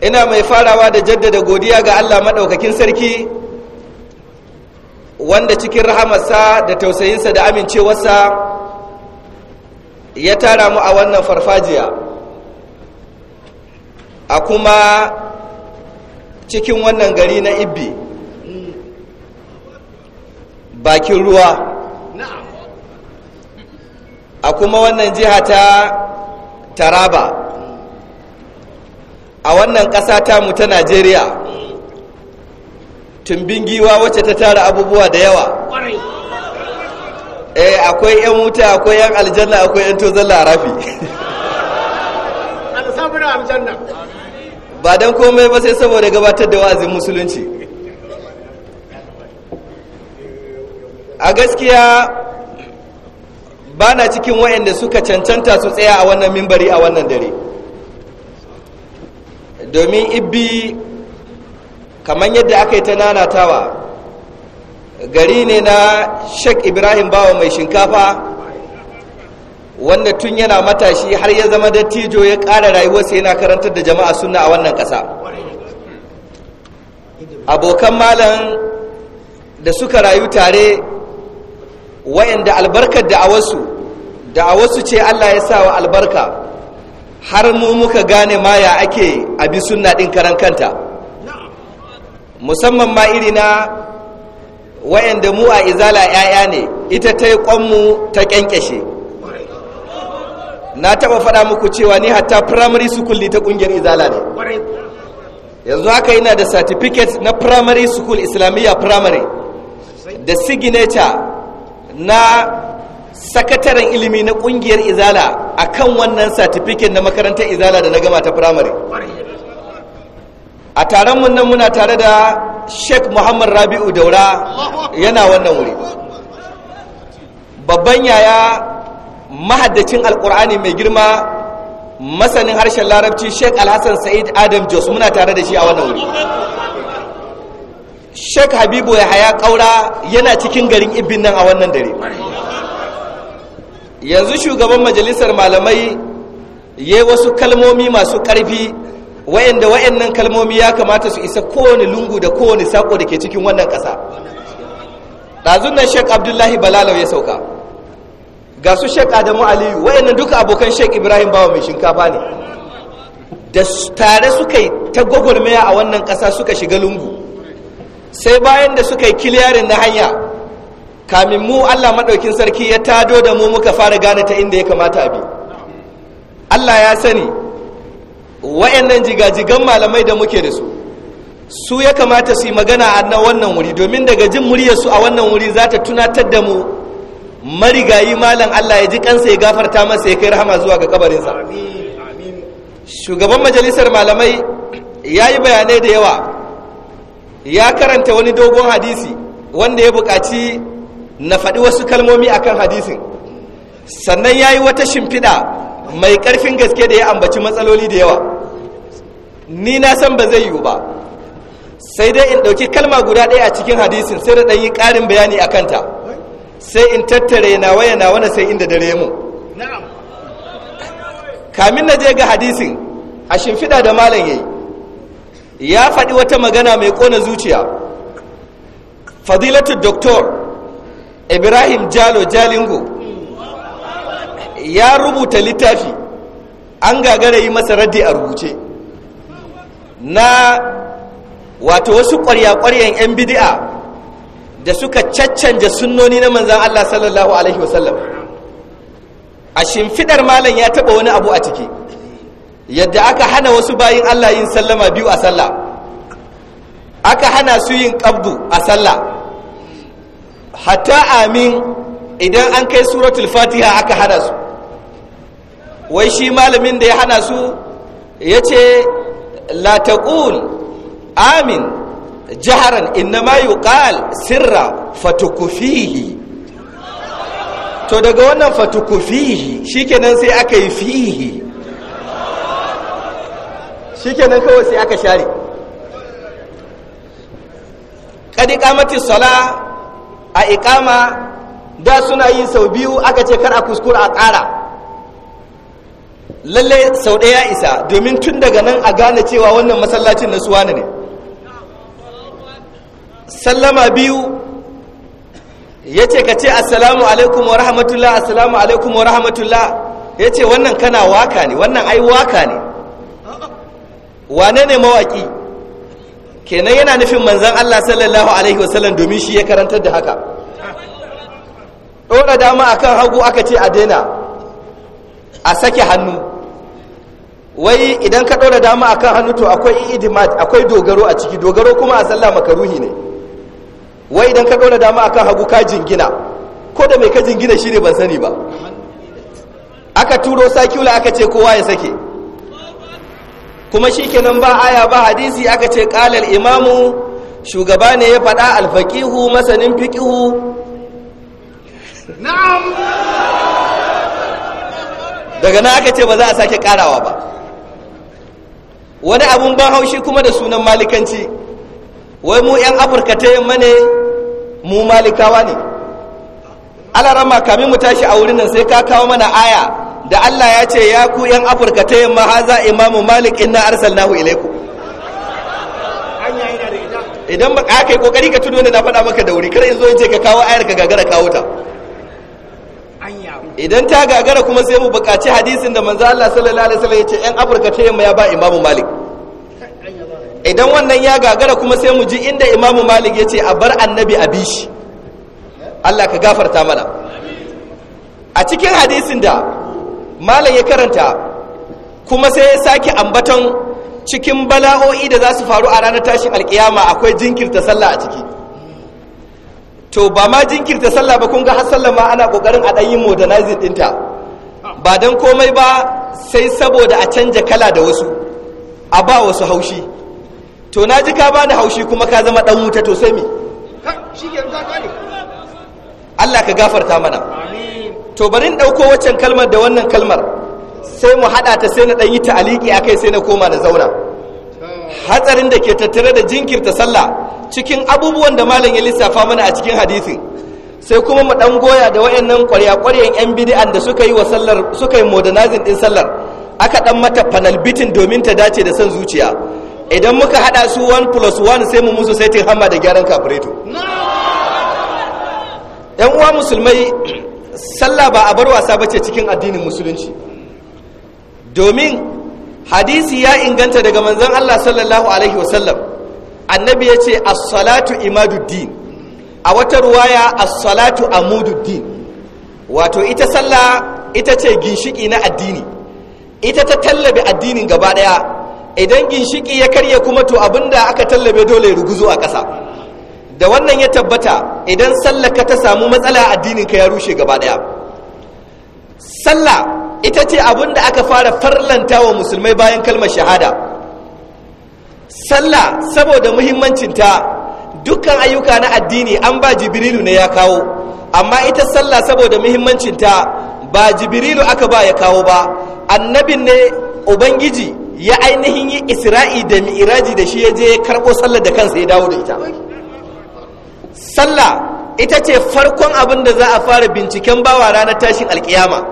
ina mai farawa da jaddada godiya ga Allah maɗaukakin sarki wanda cikin rahamarsa da tausayinsa da amincewarsa ya tara mu a wannan farfajiya a kuma cikin wannan gari na ibi bakin ruwa a kuma wannan jiha ta taraba a wannan ƙasa tamu ta najeriya tumbin giwa wacce ta tara abubuwa da yawa eh akwai 'yan wuta akwai 'yan aljanna akwai 'yan tozon larafi ba don komai ba sai saboda gabatar da wa'azin musulunci a gaskiya ba na cikin waɗanda suka cancanta su tsaya a wannan mimbari a wannan dare domin ibi kamar yadda aka yi ta nanatawa gari ne na shek ibrahim bawa mai shinkafa wanda tun yana matashi har ya zama dattijo ya ƙara rayuwarsa yana karantar da jama'a suna a wannan kasa abokan malam da suka rayu tare wayanda albarkar da da a wasu a wasu ce allah ya sa wa albarka har mu muka gane ma ya ake abi sunna din karan kanta musamman ma iri na wayanda mu a izala 'ya'ya ne ita ta yi kwanmu ta kyankyashe na taba faɗa muku cewa ni hatta primary school ne ta ƙungiyar izala ne yanzu haka yana da certificate na primary school islamiyya primary da signature na sakataren ilimi na kungiyar izala a kan wannan satifikin na makarantar izala da na gama ta firamare a taron muna tare da sheikh muhammad rabi'u daura yana wannan wuri babban yaya mahaddacin alkur'ani mai girma masanin harshen larabci sheikh alhassan sa'id adam jos muna tare da shi a wannan wuri sheikh habibu ya haya kaura yana cikin garin ibin nan a wannan dare yanzu shugaban majalisar malamai ya wasu kalmomi masu ƙarfi wayanda wayannan kalmomi ya kamata su isa kowane lungu da kowane sako da ke cikin wannan ƙasa ɗazun nan shek abdullahi balalau ya sauka ga su shek adamu aliyu wayannan duka abokan shek ibrahim bawa mai shinkafa ne da tare suka yi ta gwagwarmaya a wannan ƙasa suka shiga lungu sai bayan da suka yi kiliyarin na hanya kamin mu Allah maɗaukin sarki ya tado da mu muka fara gane ta inda ya kamata bi Allah ya sani wayannan jigajigan malamai da muke da su su ya kamata su yi magana a nan wannan wuri domin daga jin muryarsu a wannan wuri za ta tunatar da mu marigayi malam Allah ya ji kansa ya gafarta masa ya kai rahama zuwa ga kabarinsa shugaban majalisar malamai ya yi bayanai da yawa ya karanta wani dogon hadisi wanda ya buƙaci na faɗi wasu kalmomi a kan hadisin sannan ya yi wata shimfiɗa mai ƙarfin gaske da ya ambaci matsaloli da yawa ni na san ba zai yiwu ba sai dai in ɗauki kalma guda ɗaya a cikin hadisin sai da ɗanyi ƙarin bayani a kanta sai in tattare na waya na wani sai inda dare mu kamin na je ga hadisin a shimfiɗa da malam yayi ya faɗi wata magana mai ƙona zuciya fadilatu doktor ibrahim jalo jalingo ya rubuta littafi an gagara yi masa radi a rubuce na wato wasu ƙwarya-ƙwaryan 'yan bidi'a da suka caccanja sunnoni na manzan Allah sallallahu Alaihi wasallam a shimfidar malam ya taɓa wani abu a ciki yadda aka hana wasu bayin Allah yin sallama biyu a sallah aka hana su yin ƙabdu a sallah hata amin idan an kai suratul fatiha aka hana su wai shi malamin da ya hana su ya ce amin jiharan amin jaharan yi ƙal sirra fatukufihi to daga wannan fatukufihi shikenan sai aka yi fihi shikenan kawai sai aka share kadi kamati sala a ikama da suna yin sau biyu aka ce kar a kuskura a ƙara lalle sau ɗaya isa domin tun daga nan a gane cewa wannan masallacin na suwa ne sallama biyu ya ce ka ce assalamu alaikum wa rahmatullah assalamu alaikum wa rahmatullah ya ce wannan kana waka ne wannan ai waka ne wane ne mawaki. kenan yana nufin manzan Allah sallallahu alaihi wasallam domin shi ya karantar da haka ɗora dama akan hagu aka ce a daina a sake hannu wai idan ka ɗora dama akan hannu to akwai idimat akwai dogaro a ciki dogaro kuma a sallah makaruhi ne wai idan ka ɗora dama akan hagu ka jingina ko da mai ka jingina shi ne ban sani ba aka turo sakula aka ce kowa ya sake kuma shikenan ba aya ba hadisi aka ce kalal imamu shugaba ne ya faɗa alfaqihu masanin fiqihu na'am daga nan aka ce ba za a sake karawa ba wani abun ban haushi kuma da sunan malikanci wai mu 'yan afirka ta yamma ne mu malikawa ne alarama kamin mu tashi a wurin nan sai ka kawo mana aya da Allah ya ce ya ku yan Afirka ta yamma haza imamu Malik inna arsalnahu ilaikum idan ba kai kokari ka tuno da na faɗa maka da wuri kar in zo in ce ka kawo ayar ka gagara kawo ta idan ta gagara kuma sai mu buƙaci hadisin da manzo Allah sallallahu alaihi wasallam ya ce yan Afirka ta yamma ya ba imamu Malik idan wannan ya gagara kuma sai mu ji inda imamu Malik ya ce a bar annabi a bishi Allah ka gafarta mana a cikin hadisin da malam ya karanta kuma sai ya sake ambaton cikin bala'o'i da za su faru a ranar tashin alkiyama akwai jinkirta sallah a ciki to ba ma jinkirta sallah ba kun ga har sallah ma ana kokarin a ɗanyi modernizing ɗinta ba don komai ba sai saboda a canja kala da wasu a ba wasu haushi to na ji ka bani haushi kuma ka zama ɗan wuta to sai me Allah ka gafarta mana to bari in ɗauko waccan kalmar da wannan kalmar sai mu haɗa ta sai na ɗan yi aliki a kai sai na koma na zauna hatsarin da ke tattare da jinkirta sallah cikin abubuwan da malam ya lissafa mana a cikin hadisi sai kuma mu ɗan goya da wayannan ƙwarya-ƙwaryan 'yan bidi'an da suka yi wa sallar suka yi modernizing ɗin sallar aka ɗan mata panel bitin domin ta dace da son zuciya idan muka haɗa su 1 plus 1 sai mu musu saitin hamma da gyaran kafireto yan uwa musulmai sallah ba a bar wasa bace cikin addinin musulunci domin hadisi ya inganta daga manzon Allah sallallahu alaihi wasallam annabi ya ce as-salatu imaduddin a wata ruwaya as-salatu amududdin wato ita sallah ita ce ginshiki na addini ita ta tallabe addinin gaba daya idan ginshiki ya karye kuma to abinda aka tallabe dole ya ruguzo a ƙasa da wannan ya tabbata idan sallar ka ta samu matsala addinin ka ya rushe gaba daya sallah ita ce abin da aka fara farlanta wa musulmai bayan kalmar shahada sallah saboda muhimmancinta dukkan ayyuka na addini an ba jibrilu ne ya kawo amma ita sallah saboda muhimmancinta ba jibrilu aka ba ya kawo ba annabin ne ubangiji ya ainihin yi isra'i da mi'iraji da shi ya je ya karɓo sallar da kansa ya dawo da ita sallah ita ce farkon abin da za a fara binciken bawa ranar tashin alkiyama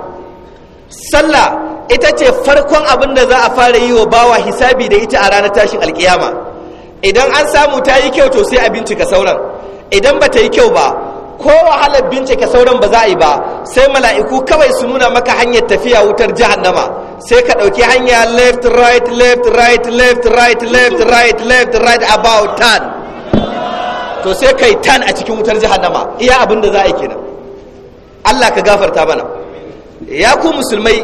sallah ita ce farkon abin da za a fara yi wa bawa hisabi da ita a ranar tashin alkiyama idan an samu ta yi kyau to sai a bincika sauran idan ba ta yi kyau ba ko wahalar bincika sauran ba za a yi ba sai mala'iku kawai su nuna maka hanyar tafiya wutar jahannama sai ka ɗauki hanya left right left right left right left right left right about 10 to sai kai tan a cikin wutar jahannama iya abin da za a yi kenan Allah ka gafarta mana ya ku musulmai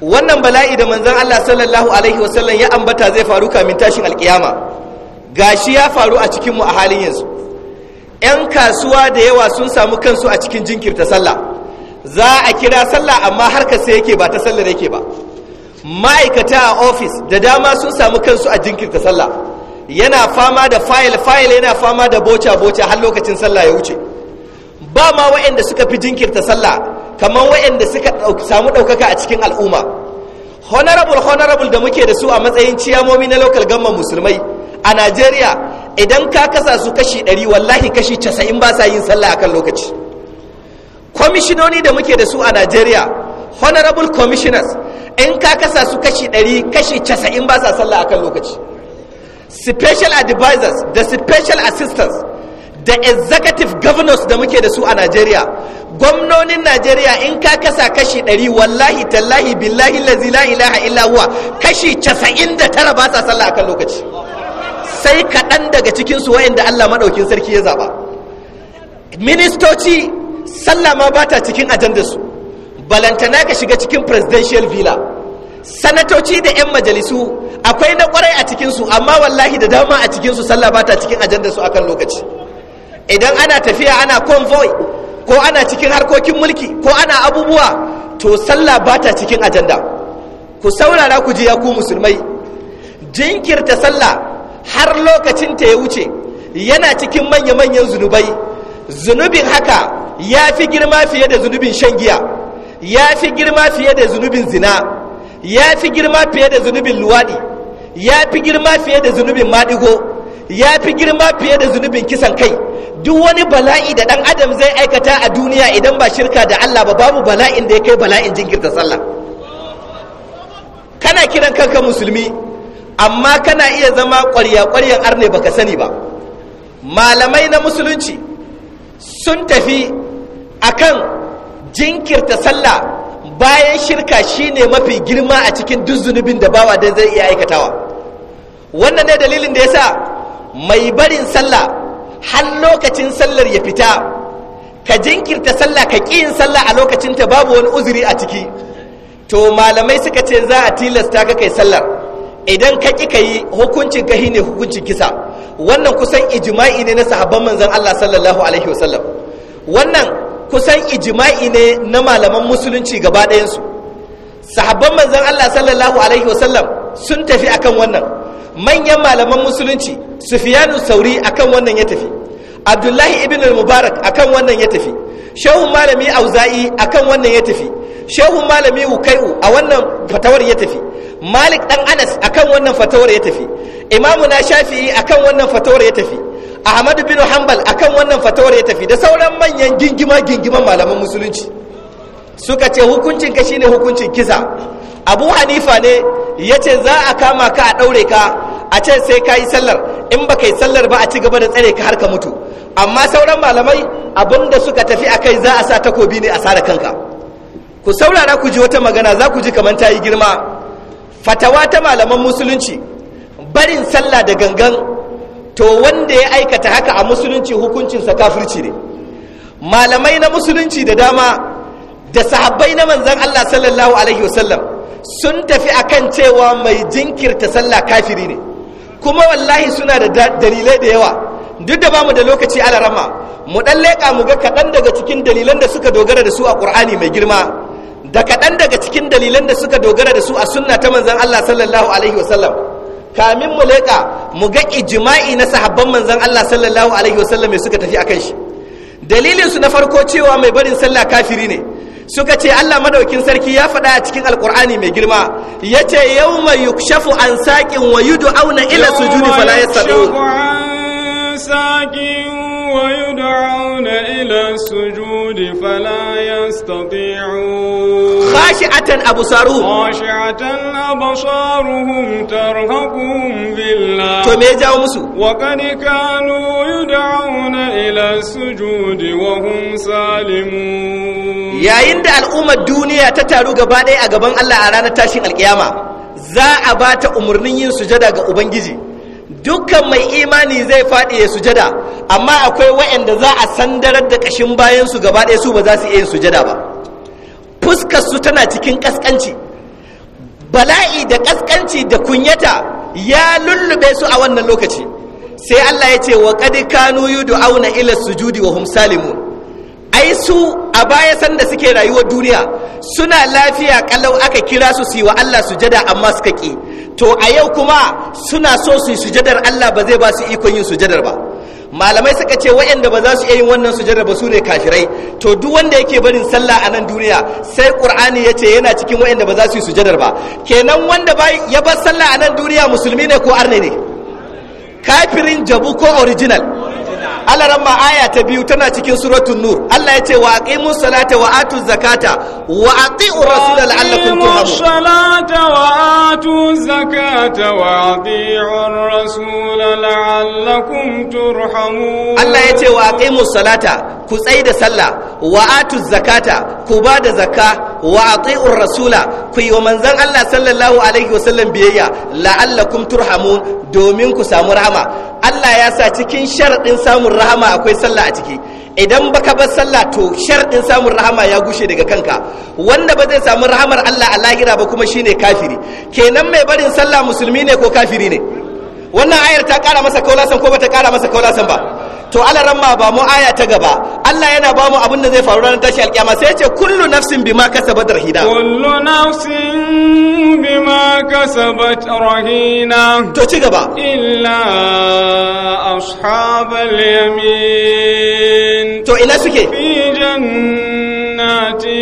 wannan bala'i da manzon Allah sallallahu alaihi wasallam ya ambata zai faru kamin tashin alkiyama gashi ya faru a cikin mu a halin yanzu yan kasuwa da yawa sun samu kansu a cikin jinkirta sallah za a kira sallah amma harkar sai yake ba ta sallar yake ba ma'aikata a ofis da dama sun samu kansu a jinkirta sallah yana fama da fayil fayil yana fama da boca boca har lokacin sallah ya wuce ba ma waɗanda suka fi jinkirta sallah kamar waɗanda suka samu ɗaukaka a cikin al'umma honorable honorable da muke da su a matsayin ciyamomi na local gamma musulmai a nigeria idan ka kasa su kashi 100 wallahi kashi 90 ba sa yin sallah akan lokaci kwamishinoni da muke da su a nigeria honorable commissioners in ka kasa su kashi 100 kashi 90 ba sa sallah akan lokaci special advisors da special assistants da executive governors da muke da su a Najeriya gwamnonin Najeriya in ka kasa kashi ɗari wallahi tallahi billahi lazi la ilaha illa huwa kashi 99 ba sa sallah akan lokaci sai kaɗan daga cikinsu inda Allah maɗaukin sarki ya zaɓa ministoci sallah ma ba ta cikin ajandarsu balantana ka shiga cikin presidential villa sanatoci da 'yan majalisu akwai na kwarai a cikinsu amma wallahi da dama a cikinsu sallah ba ta cikin ajandar su akan lokaci idan ana tafiya ana convoy ko ana cikin harkokin mulki ko ana abubuwa to sallah ba ta cikin ajanda ku saurara ku ji ya ku musulmai jinkirta sallah har lokacin ta ya wuce yana cikin manya-manyan zunubai zunubin haka ya fi girma fiye da zunubin shan giya ya fi girma fiye da zunubin zina ya fi girma fiye da zunubin luwaɗi ya fi girma fiye da zunubin maɗigo ya fi girma fiye da zunubin kisan kai duk wani bala'i da ɗan adam zai aikata a duniya idan ba shirka da Allah ba babu bala'in da ya kai bala'in jinkirta sallah kana kiran kanka musulmi amma kana iya zama ƙwarya-ƙwaryan arne ka sani ba malamai na musulunci sun tafi akan jinkirta sallah bayan shirka shine mafi girma a cikin duk zunubin da bawa dan zai iya aikatawa wannan ne dalilin da yasa mai barin sallah har lokacin sallar ya fita ka jinkirta sallah ka ƙi yin sallah a lokacin ta babu wani uzuri a ciki to malamai suka ce za a tilasta ka kai sallar idan ka ƙi ka yi hukuncin ka ne hukuncin kisa wannan kusan ijma'i ne na sahabban manzon Allah sallallahu alaihi wasallam wannan kusan ijima'i ne na malaman musulunci gaba ɗayansu sahabban manzon Allah sallallahu alaihi wasallam sun tafi akan wannan manyan malaman musulunci sufiyanu sauri akan wannan ya tafi abdullahi ibn al-mubarak akan wannan ya tafi shehun malami auza'i akan wannan ya tafi shehun malami ukai'u a wannan fatawar ya tafi malik dan anas akan wannan fatawar ya tafi imamu na shafi'i akan wannan fatawar ya tafi ahmad bin hanbal akan wannan fatawar ya tafi da sauran manyan gingima gingiman malaman musulunci suka ce hukuncin ka shine hukuncin kisa abu hanifa ne ya ce za a kama ka a daure ka a ce sai ka sallar in ba yi sallar ba a ci gaba da tsare ka har ka mutu amma sauran malamai abinda suka tafi akai za a sa takobi ne a sare kanka ku saurara ku ji wata magana za ku ji kamar ta yi girma fatawa ta malaman musulunci barin sallah da gangan to wanda ya aikata haka a musulunci hukuncinsa kafirci ne malamai na musulunci da dama da sahabbai na manzan Allah sallallahu alaihi wasallam sun tafi akan cewa mai jinkirta sallah kafiri ne kuma wallahi suna da dalilai da yawa duk da bamu da lokaci ala rama mu dan leƙa mu ga kaɗan daga cikin dalilan da suka dogara da su a qur'ani mai girma da kaɗan daga cikin dalilan da suka dogara da su a sunna ta manzan Allah sallallahu alaihi wasallam kamin mu leƙa mu ga ijma'i na sahabban manzon Allah sallallahu alaihi wasallam suka tafi akan shi dalilin su na farko cewa mai barin sallah kafiri ne suka ce Allah madaukin sarki ya faɗa a cikin alkur'ani mai girma yace yawma yukshafu an saqin wa auna ila sujudi fala saqin ويدعون إلى السجود فلا يستطيعون خاشعة أبصارهم خاشعة أبصارهم ترهقهم ذلة وقد كانوا يدعون إلى السجود وهم سالمون yayin da al'ummar duniya ta taru gaba ɗaya a gaban Allah a ranar tashin alƙiyama, za a ba ta umarnin yin sujada ga Ubangiji dukkan mai imani zai faɗi ya sujada amma akwai waɗanda za a sandarar da ƙashin bayansu gaba ɗaya su ba za su iya yin sujada ba fuskar su tana cikin ƙasƙanci bala'i da ƙasƙanci da kunyata ya lullube su a wannan lokaci sai Allah ya ce wa qad kanu auna ila sujudi wa hum salimun ai su a baya sanda suke rayuwar duniya suna lafiya kalau aka kira su su yi wa Allah sujada amma suka ki to a yau kuma suna so su yi sujadar Allah ba zai ba su ikon yin sujadar ba malamai suka ce waɗanda ba za su iya yin wannan sujadar ba su ne kafirai to duk wanda yake barin sallah a nan duniya sai qur'ani ya ce yana cikin waɗanda ba za su yi sujadar ba kenan wanda ya bar sallah a nan duniya musulmi ne ko arne ne kafirin jabu ko original Allah ma aya ta biyu tana cikin suratul nur Allah ya ce wa aqimus salata wa atuz zakata wa ati'u rasul la'allakum turhamun salata wa atuz zakata wa ati'u rasul la'allakum turhamun Allah ya ce wa aqimus salata ku tsai da sallah wa atuz zakata ku ba da zakka wa ati'ur rasula ku yi wa manzon Allah sallallahu alaihi wasallam biyayya la'allakum turhamun domin ku samu rahama Allah ya sa cikin sharadin samun rahama akwai sallah a ciki idan baka bar sallah to sharadin samun rahama ya gushe daga kanka wanda ba zai samu rahamar Allah a lahira ba kuma shine kafiri kenan mai barin sallah musulmi ne ko kafiri ne wannan ayar ta kara masa san ko bata kara masa san ba to alaramma ba mu aya ta gaba Allah yana ba mu abin da zai faru ranar tashi alkiyama sai ce kullu nafsin bima kasabat rahina kullu nafsin bima kasabat rahina to ci gaba illa ashabal yamin to ina suke fi jannati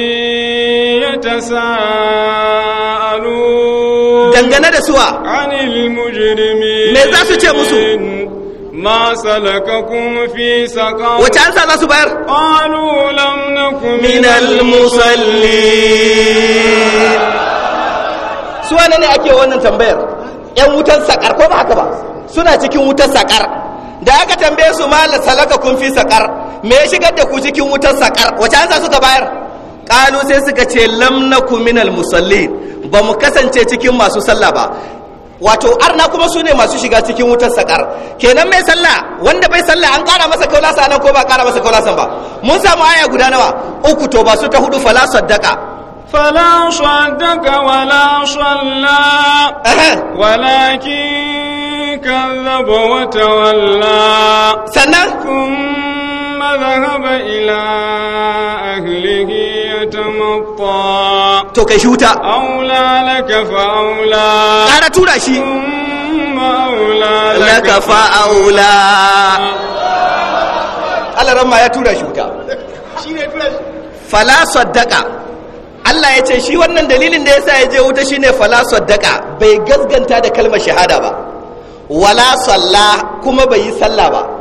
yatasaalun dangane da suwa anil mujrimin me za su ce musu ma salakakum fi saqar wace ansa za su bayar qalu lam nakum min al musallin su wane ne ake wannan tambayar yan wutan sakar ko ba haka ba suna cikin wutan sakar da aka tambaye su ma salakakum fi sakar me ya shigar da ku cikin wutan sakar wace ansa suka bayar kalu sai suka ce lam nakum musallin ba mu kasance cikin masu sallah ba wato arna kuma su ne masu shiga cikin wutar sakar kenan mai sallah wanda bai sallah an kara masa kaulasa nan ko ba kara masa san ba mun samu aya guda nawa uku to ba su ta hudu fala saddaka fala saddaka wala salla walakin kazzaba wa tawalla sannan kuma zahaba ila ahli تمطى تو كي شوتا أولى لك فأولى أنا تورا شي ثم أولى لك فأولى Allah ramma ya tura shi wuta fala saddaka Allah ya ce shi wannan dalilin da yasa ya je wuta shine fala saddaka bai gasganta da kalmar shahada ba wala salla kuma bai yi sallah ba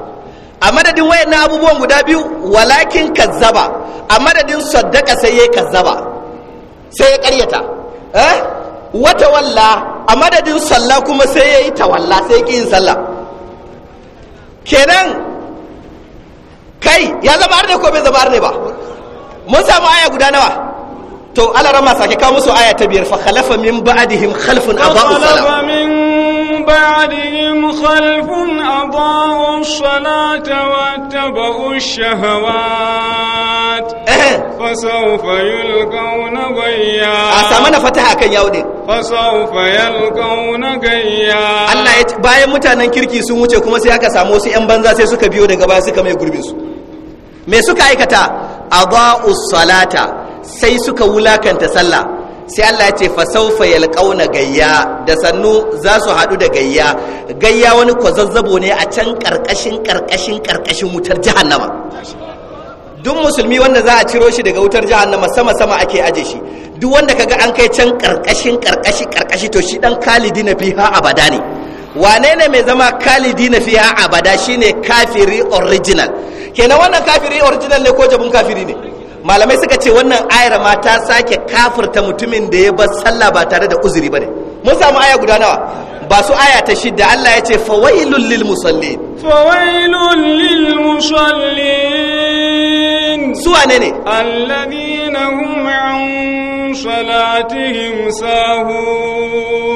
a madadin wayan na abubuwan guda biyu walakin kazzaba a madadin saddaka sai ya kazzaba sai ya karyata eh wata walla a madadin sallah kuma sai ya yi tawalla sai ya yin sallah kenan kai ya zama arne ko bai zama arne ba mun samu aya guda nawa to ala sake kawo musu aya ta biyar fa khalafa min ba'dihim khalfun aba'u salam بعدهم خلف أضاعوا الصلاة واتبعوا الشهوات فسوف يلقون غيا bayan mutanen kirki sun wuce kuma sai aka samu wasu 'yan banza sai suka biyo daga baya suka mai gurbinsu. me suka aikata adha'us salata sai suka wulakanta sallah sai Allah ya ce fasaufa yalqauna gayya da sannu za su haɗu da gayya gayya wani kwazazzabo ne a can karkashin karkashin karkashin wutar jahannama duk musulmi wanda za a ciro shi daga wutar jahannama sama sama ake aje shi duk wanda kaga an kai can karkashin karkashi karkashi to shi dan kalidi na fiha abada ne wane ne mai zama kalidi na fiha abada shine kafiri original kenan wannan kafiri original ne ko jabun kafiri ne malamai suka ce wannan ayar ma ta sake kafirta mutumin da ya bar sallah ba tare da uzuri ne. mun samu aya guda nawa ba su aya ta shidda Allah ya ce fawailul lil musallin fawailul lil musallin su wane ne alladhina hum an salatihim sahu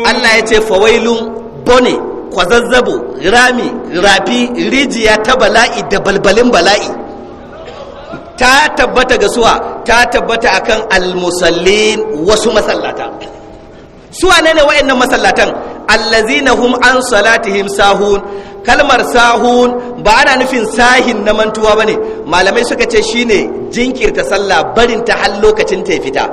Allah ya ce fawailun bone kwazazzabo rami rafi rijiya ta bala'i da balbalin bala'i ta tabbata ga suwa ta tabbata akan musallin wasu masallata suwa ne ne wa'annan masallatan allazina hum an salatihim sahun kalmar sahun ba ana nufin sahin na mantuwa bane malamai suka ce shine jinkirta sallah barin ta har lokacin ta fita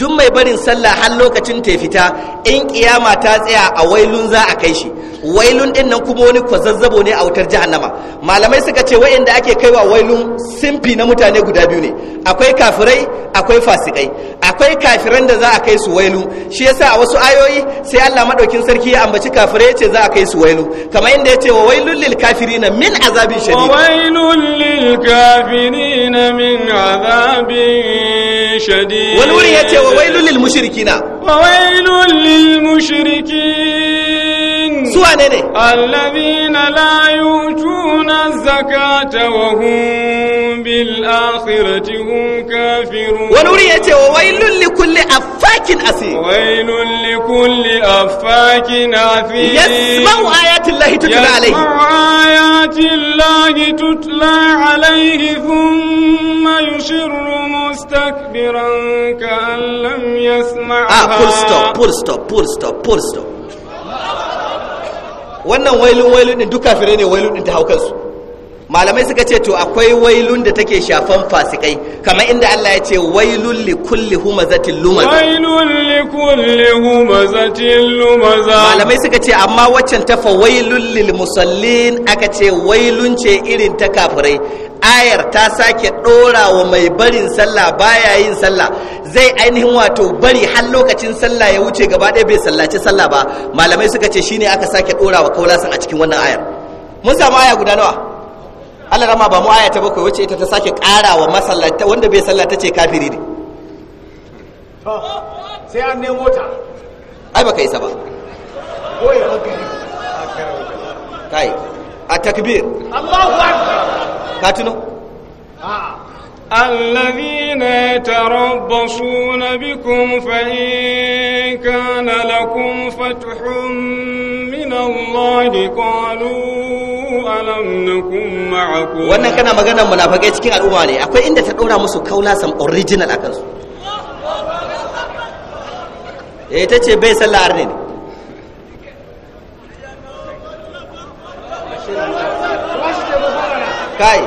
duk mai barin sallah har lokacin ta fita in kiyama ta tsaya a wailun za a kai shi wailun din nan kuma wani kwazazzabo ne a wutar jahannama malamai suka ce wayanda ake kaiwa wailun simfi na mutane guda biyu ne akwai kafirai akwai fasikai akwai kafiran da za a kai su wailu shi yasa a wasu ayoyi sai Allah madaukin sarki ya ambaci kafirai ce za a kai su wailu kamar inda ya ce wa wailul lil kafirina min azabin shadid wa wailul lil kafirina min azabin شديد ونوري يتي وويل للمشركين وويل للمشركين سوى نيني الذين لا يؤتون الزكاة وهم بالآخرة هم كافرون ونوري يتي وويل لكل أفاك أثيم وويل لكل أفاك أثيم يسمع آيات الله تتلى عليه يسمع آيات آيات الله تتلى عليه ثم يشر مستكبرا كأن لم يسمعها آه ah, wannan wailun wailun din duka fire ne wailun ta hau malamai suka ce to akwai wailun da take shafan fasikai kamar inda Allah ya ce wailun li kulli humazatin lumaz wailun li kulli humazatin lumaz malamai suka ce amma waccan ta fa wailun lil musallin aka ce wailun ce irin ta kafirai ayar ta sake dora wa mai barin sallah baya yin sallah zai ainihin wato bari har lokacin sallah ya wuce gaba ɗaya bai sallaci sallah ba malamai suka ce shine aka sake dora wa kaulasan a cikin wannan ayar mun samu aya guda nawa Allah rama ba mu aya ta bakwai wacce ita ta sake ƙara wa masallata wanda bai sallata ce kafiri ne sai an nemo ta ai baka isa ba koyi hankali kai a takbir Allahu akbar ka tuno a'a الذين يتربصون بكم فإن كان لكم فتح من الله قالوا alam nakum ma'akum wannan kana maganar munafikai cikin al'umma ne akwai inda ta dora musu kaula sam original akan su eh ta ce bai sallah arne ne kai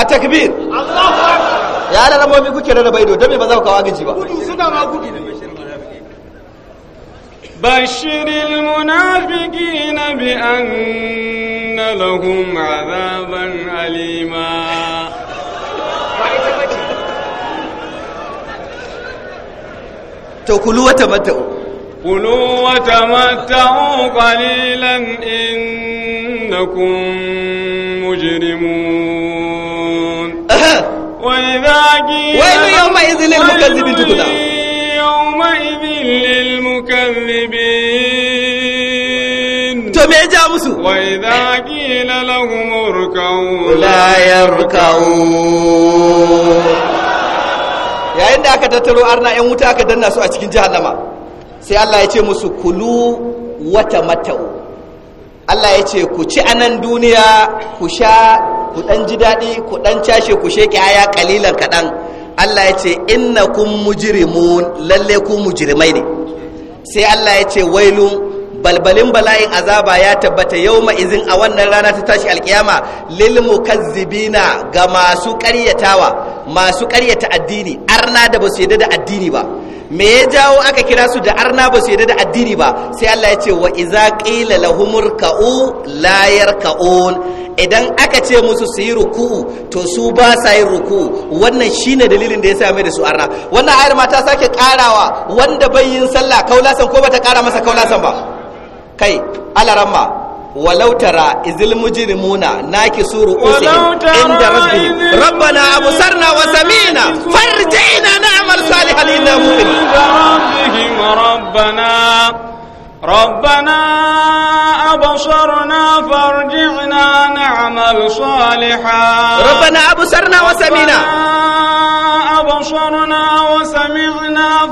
a takbir Allahu ya da rabobi kuke rarraba baido dan me ba za ku kawo gaji ba gudu suna ma gudu bashiril munafiqina bi an لهم عذابا أليما تأكلوا وتمتعوا كلوا وتمتعوا قليلا إنكم مجرمون وإذا قيل ويل يومئذ للمكذبين تكلا يومئذ للمكذبين to me ya ja musu هم لا يركعون yayin da aka tattaro arna yan wuta aka danna su a cikin jahannama sai Allah ya ce musu kulu wata mata'u Allah ya ce ku ci anan duniya ku sha ku dan ji daɗi ku dan cashe ku sheke aya kalilan kaɗan Allah ya ce innakum mujrimun lalle ku mujrimai ne sai Allah ya ce wailun balbalin bala'in azaba ya tabbata yau ma izin a wannan rana ta tashi alkiyama lil mukazzibina ga masu ƙaryatawa masu ƙaryata addini arna da ba su yadda da addini ba me ya jawo aka kira su da arna ba su yadda da addini ba sai Allah ya ce wa iza qila lahumur ka'u la yarka'un idan aka ce musu su yi ruku'u to su ba sa yin ruku'u wannan shine dalilin da ya sa mai da su arna wannan ayar ma ta sake karawa wanda bai yin sallah kaulasan ko bata kara masa kaulasan ba kai alarama walautara izil mujrimuna naki suru usi inda rabbi rabbana absarna wa samina farji'na na'mal salihan inna mu'min rabbana rabbana absarna farji'na na'mal salihan rabbana absarna wa samina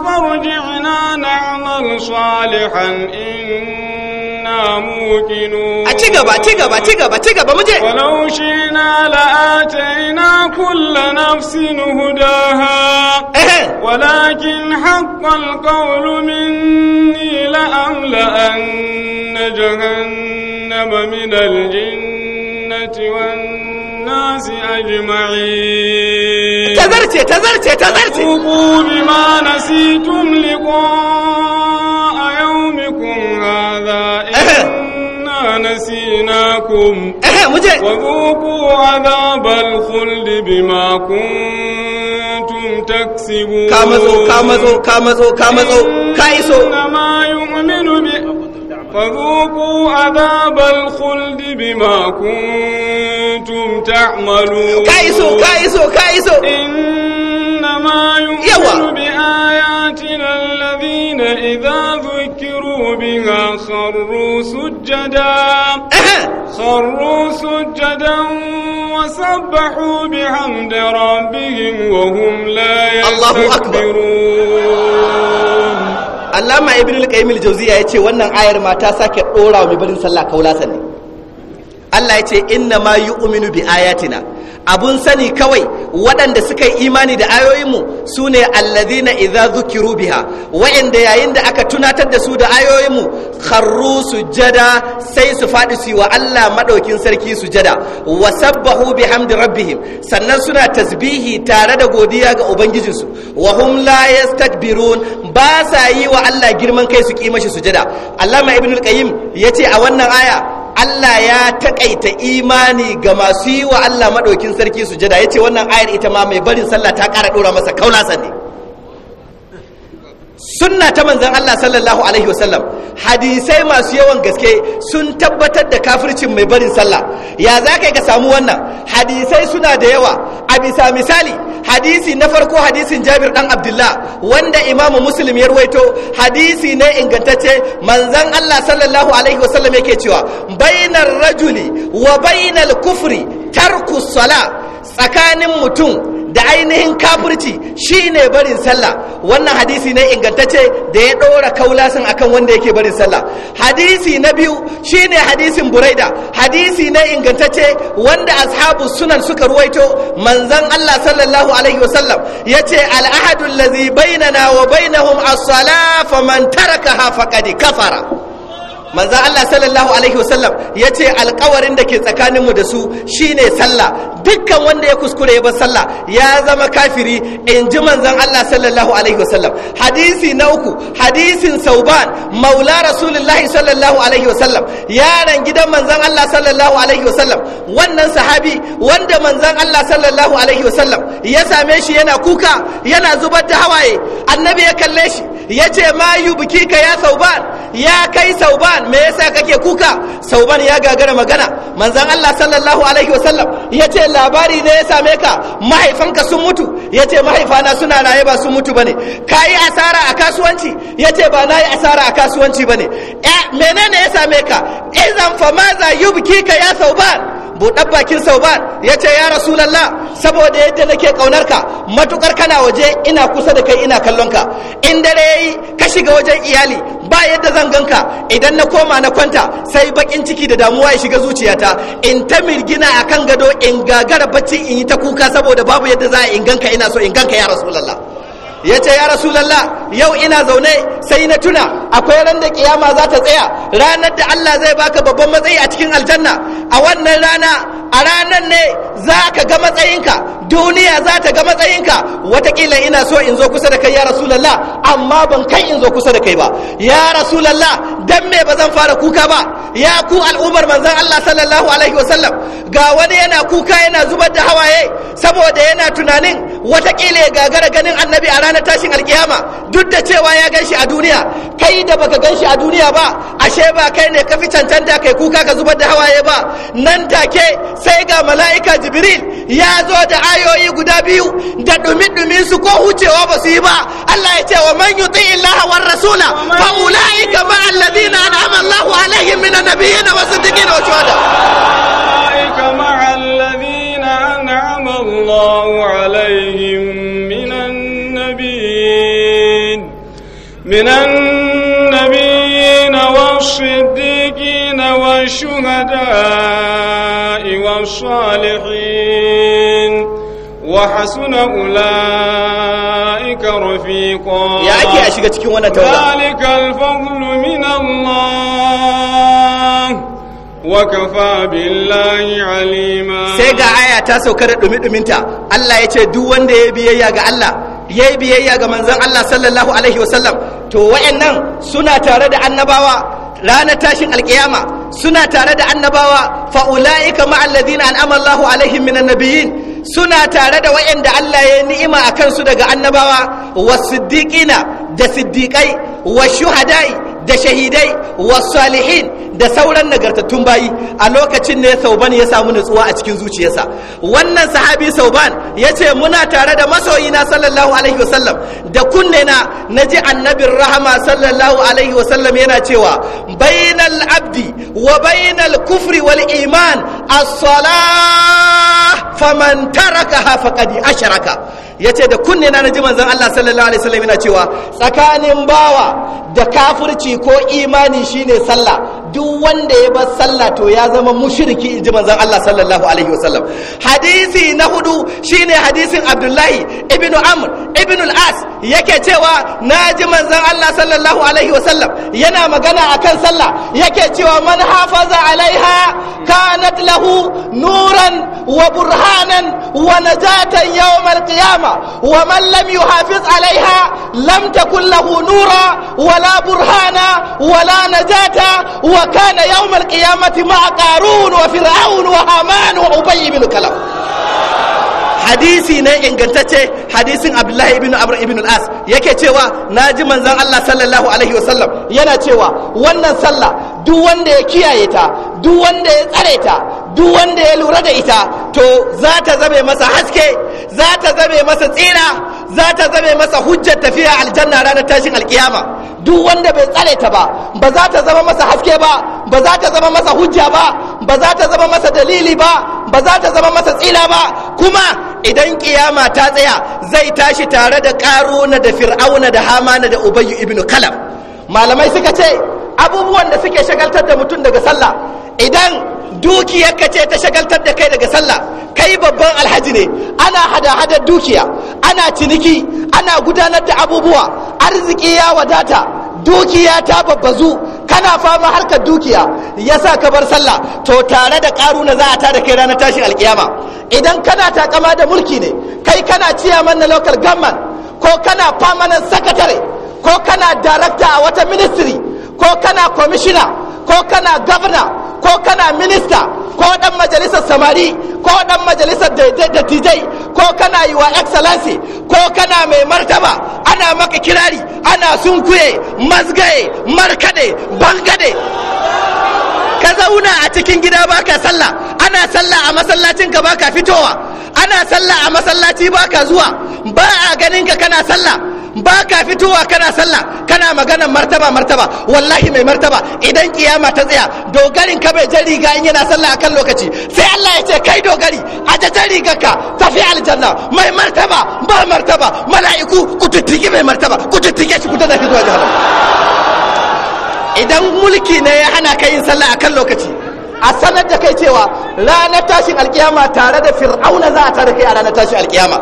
farji'na na'mal salihan inna kunna muqinu a ci gaba ci gaba ci gaba ci gaba muje walau shina la ataina kullu nafsin hudaha walakin haqqal qawlu minni la amla an jahannama min al-jinnati wan الناس أجمعين تذرتي تذرتي تذرتي ذوقوا بما نسيتم لقاء يومكم هذا نسيناكم وذوقوا عذاب الخلد بما كنتم تكسبون كامزو كامزو كامزو كامزو كايسو إنما يؤمن ب فذوقوا عذاب الخلد بما كنتم تعملون كايسو كايسو كايسو إنما يؤمن بآياتنا الذين إذا ذكروا مروا بها خروا سجدا خروا سجدا وسبحوا بحمد ربهم وهم لا يستكبرون Allama wannan ayar ma ta sake dora mai barin sallah kaulasa ne Allah ya ce inna ma yu'minu bi ayatina abun sani kawai waɗanda suka yi imani da ayoyinmu su ne allazina idza zukiru biha wa'inda yayin da aka tunatar da su da ayoyinmu kharru sujada sai su faɗi su wa Allah madaukin sarki sujada wa sabbahu bihamdi rabbihim sannan suna tasbihi tare da godiya ga ubangijinsu wa hum la yastakbirun ba sa yi wa Allah girman kai su ƙi mashi sujada Allama Ibn qayyim yace a wannan aya Allah ya takaita imani ga masu yi wa Allah maɗaukin sarki su jada. ya ce wannan ayar ita ma mai barin sallah ta ƙara ɗora masa kaunasa ne sunna ta manzan Allah sallallahu alaihi wasallam hadisai masu yawan gaske sun tabbatar da kafircin mai barin sallah ya za ka samu wannan hadisai suna da yawa a bisa misali hadisi na farko hadisin jabir dan abdullah wanda imamu muslim ya ruwaito hadisi ne ingantacce manzan allah sallallahu alaihi wasallam yake cewa bainar rajuli wa bainal kufri tarku sala tsakanin mutum da ainihin kafirci shine barin sallah wannan hadisi ne ingantacce da ya ɗora kaulasin akan wanda yake barin sallah hadisi na biyu shi ne hadisin buraida hadisi ne ingantacce wanda ashabu sunan suka ruwaito manzon Allah sallallahu alaihi wasallam yace al ahadu allazi na, wa bainahum as-salah faman tarakaha faqad kafara manzo Allah sallallahu alaihi wasallam ya ce alkawarin da ke tsakaninmu da su shine sallah dukkan wanda ya kuskure ya bar sallah ya zama kafiri in ji manzon Allah sallallahu alaihi wasallam hadisi na uku hadisin sauban maula rasulullahi sallallahu alaihi wasallam yaran gidan manzon Allah sallallahu alaihi wasallam wannan sahabi wanda manzon Allah sallallahu alaihi wasallam ya same shi yana kuka yana zubar da hawaye annabi ya kalle shi ya ce ma yubkika ya sauban ya kai sauban me yasa kake kuka sauban ya gagara magana manzan Allah sallallahu alaihi wasallam ya ce labari ne ya same ka mahaifanka sun mutu ya ce mahaifana suna raye ba sun mutu bane ka asara a kasuwanci ya ce ba na asara a kasuwanci bane eh, menene ya same ka izan fa maza yubkika ya sauban buɗar bakin ba ya ce ya rasu rasulallah saboda yadda nake ƙaunarka matukar kana waje ina kusa da kai ina kallon ka in dare ya yi ka shiga wajen iyali ba yadda zan gan ka idan na koma na kwanta sai baƙin ciki da damuwa ya shiga zuciyata in ta mirgina a kan gado in gagara bacci in yi ta kuka saboda babu yadda za a inganka ina so in ganka ya lalla. ya ce ya rasu yau ina zaune sai na tuna akwai ran da kiyama za ta tsaya ranar da Allah zai baka babban matsayi a cikin aljanna a wannan rana a ranar ne za ka ga matsayinka duniya za ta ga matsayinka watakila ina so in zo kusa da kai ya rasulallah amma ban kai in zo kusa da kai ba ya rasu rasulallah dan me ba zan fara kuka ba ya ku al'ummar manzan Allah sallallahu alaihi wasallam ga wani yana kuka yana zubar da hawaye saboda yana tunanin watakila ga gara ganin annabi a ranar tashin alkiyama duk da cewa ya ganshi a duniya kai da baka gan shi a duniya ba ashe ba kai ne kafi fi cancanta kai kuka ka zubar da hawaye ba nan take sai ga mala'ika jibril ya zo da ayoyi guda biyu da dumi-dumin su ko hucewa ba su yi ba Allah ya ce wa man yuti illaha war rasula fa ulaika ma alladhina an'ama Allahu alaihim min النبيين والصديقين والشهداء أولئك مع الذين أنعم الله عليهم من النبيين من النبيين والصديقين والشهداء والصالحين وحسن أولئك رفيقا ذلك الفضل من الله wakafa billahi alima sai ga aya ta sauka da dumi ta Allah ya ce duk wanda ya biyayya ga Allah ya yi biyayya ga manzon Allah sallallahu alaihi wasallam to wayannan suna tare da annabawa ranar tashin alkiyama suna tare da annabawa fa'ula'ika ma'alladina an'ama Allahu alaihim minan nabiyyin suna tare da wayanda Allah ya ni'ima akan su daga annabawa siddiƙina da siddiƙai wa shuhada'i da shahidai wa salihin da sauran nagartattun bayi a lokacin ne sauban ya samu nutsuwa a cikin zuciyarsa wannan sahabi sauban ya ce muna tare da masoyina sallallahu alaihi wasallam da kunne na na ji annabin rahama sallallahu alaihi wasallam yana cewa bainal abdi wa bainal kufri wal iman as-salah faman tarakaha faqad ashraka yace da kunne na naji manzon Allah sallallahu alaihi wasallam yana cewa tsakanin bawa da kafirci ko imani shine sallah duk wanda ya bar sallah to ya zama mushriki ji manzon Allah sallallahu alaihi wasallam hadisi na hudu shine hadisin Abdullahi ibnu Amr ibn al-As yake cewa naji manzon Allah sallallahu alaihi wasallam yana magana akan sallah yake cewa man hafaza alaiha kanat lahu nuran wa burhanan wa najatan yawm al-qiyamah wa man lam yuhafiz alaiha lam takun lahu nura wala burhana wala najata wa وكان يوم القيامة مع قارون وفرعون وهامان وأبي بن كلب hadisi ne ingantacce hadisin abdullahi ibn amr ibn al-as yake cewa naji manzon Allah sallallahu alaihi wasallam yana cewa wannan sallah duk wanda ya kiyaye ta duk wanda ya tsare ta duk wanda ya lura da ita to za ta zabe masa haske za ta zabe masa tsira za ta zabe masa hujjar tafiya aljanna ranar tashin alkiyama duk wanda bai tsare ta ba ba za ta zama masa haske ba ba za ta zama masa hujja ba ba za ta zama masa dalili ba ba za ta zama masa tsila ba kuma idan kiyama ta tsaya zai tashi tare da na da fir'auna da hamana da ubayyu ibnu kalab malamai suka ce abubuwan da suke shagaltar da mutum daga sallah idan dukiyar ka ce ta shagaltar da kai daga sallah kai babban alhaji ne ana hada hada dukiya ana ciniki ana gudanar da abubuwa arziki ya wadata dukiya ta babbazu kana fama harkar dukiya yasa ka bar sallah to tare da karuna za a da kai ranar tashin alkiyama idan kana takama da mulki ne kai kana ciyaman na local government ko kana permanent sakatare, ko kana director a wata ministry ko kana commissioner ko kana governor ko kana minista ko dan majalisar samari ko dan majalisar dattijai ko kana yi wa excellency ko kana mai martaba ana maka kirari ana sunkuye mazgaye markade bangade ka zauna a cikin gida baka sallah ana salla a masallacin ka baka fitowa ana sallah a masallaci baka zuwa ba a ganin ka kana sallah ba ka fitowa kana sallah kana magana martaba martaba wallahi mai martaba idan kiyama ta tsaya dogarin ka bai jan riga in yana sallah akan lokaci sai Allah ya ce kai dogari a jajen ka tafi aljanna mai martaba ba martaba mala'iku ku tuttuki mai martaba ku tuttuke shi ku tada shi zuwa jahannam idan mulki ne ya hana ka yin sallah akan lokaci a sanar da kai cewa ranar tashin alkiyama tare da fir'auna za a tare kai a ranar tashin alkiyama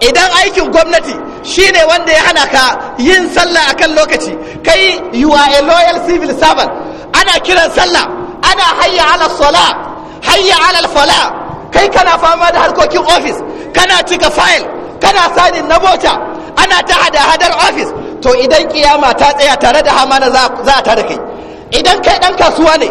idan aikin gwamnati shine wanda ya hana ka yin sallah akan lokaci kai you are a loyal civil servant ana kiran sallah ana hayya ala sola, hayya ala fala kai kana fama da harkokin ofis kana cika fayil kana sanin na mota ana ta hada-hadar ofis to idan kiyama ta tsaya tare da hamana za a tare kai idan kai ɗan kasuwa ne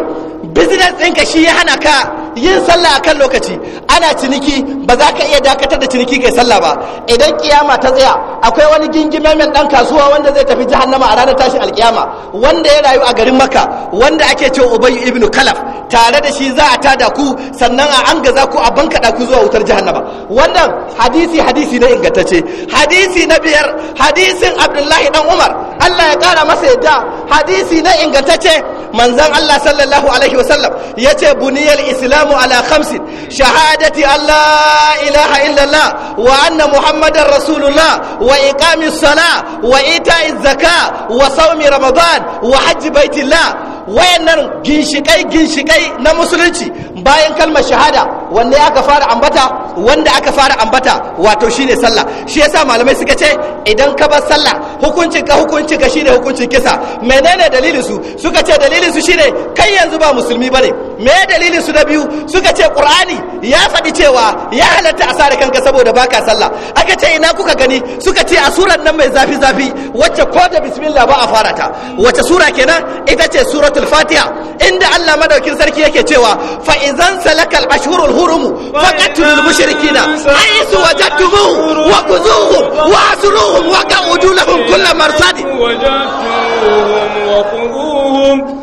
business ɗinka shi ya hana ka yin sallah akan lokaci ana ciniki ba za ka iya dakatar da ciniki kai sallah ba idan kiyama ta tsaya akwai wani mai dan kasuwa wanda zai tafi jahannama a ranar tashin alkiyama wanda ya rayu a garin makka wanda ake cewa ubayu ibnu kalaf tare da shi za a tada ku sannan a anga gaza ku a da ku zuwa wutar jahannama wannan hadisi hadisi na ingantacce hadisi na biyar hadisin abdullahi dan umar allah ya kara masa yadda hadisi na ingantacce manzon allah sallallahu alaihi wasallam ya ce buniyar islam الإسلام على خمس شهادة أن لا إله إلا الله وأن محمدا رسول الله وإقام الصلاة وإيتاء الزكاة وصوم رمضان وحج بيت الله wayannan ginshikai ginshikai na musulunci bayan kalmar shahada wanne aka fara ambata wanda aka fara ambata wato shine sallah shi yasa malamai suka ce idan ka bar sallah hukuncin ka hukuncin ka shine hukuncin kisa menene dalilin su suka ce dalilin su shine kai yanzu ba musulmi bane me dalilin su na biyu suka ce qur'ani ya faɗi cewa ya halatta a sare kanka saboda baka sallah aka ce ina kuka gani suka ce a surar nan mai zafi zafi wacce ko da bismillah ba a fara ta wacce sura kenan ita ce suratul fatiha inda Allah madaukin sarki yake cewa fa إذا انسلك الأشهر الهرم فقتلوا المشركين حيث وجدتموهم وخذوهم واعسروهم وقعدوا لهم كل مرصد وجدتموهم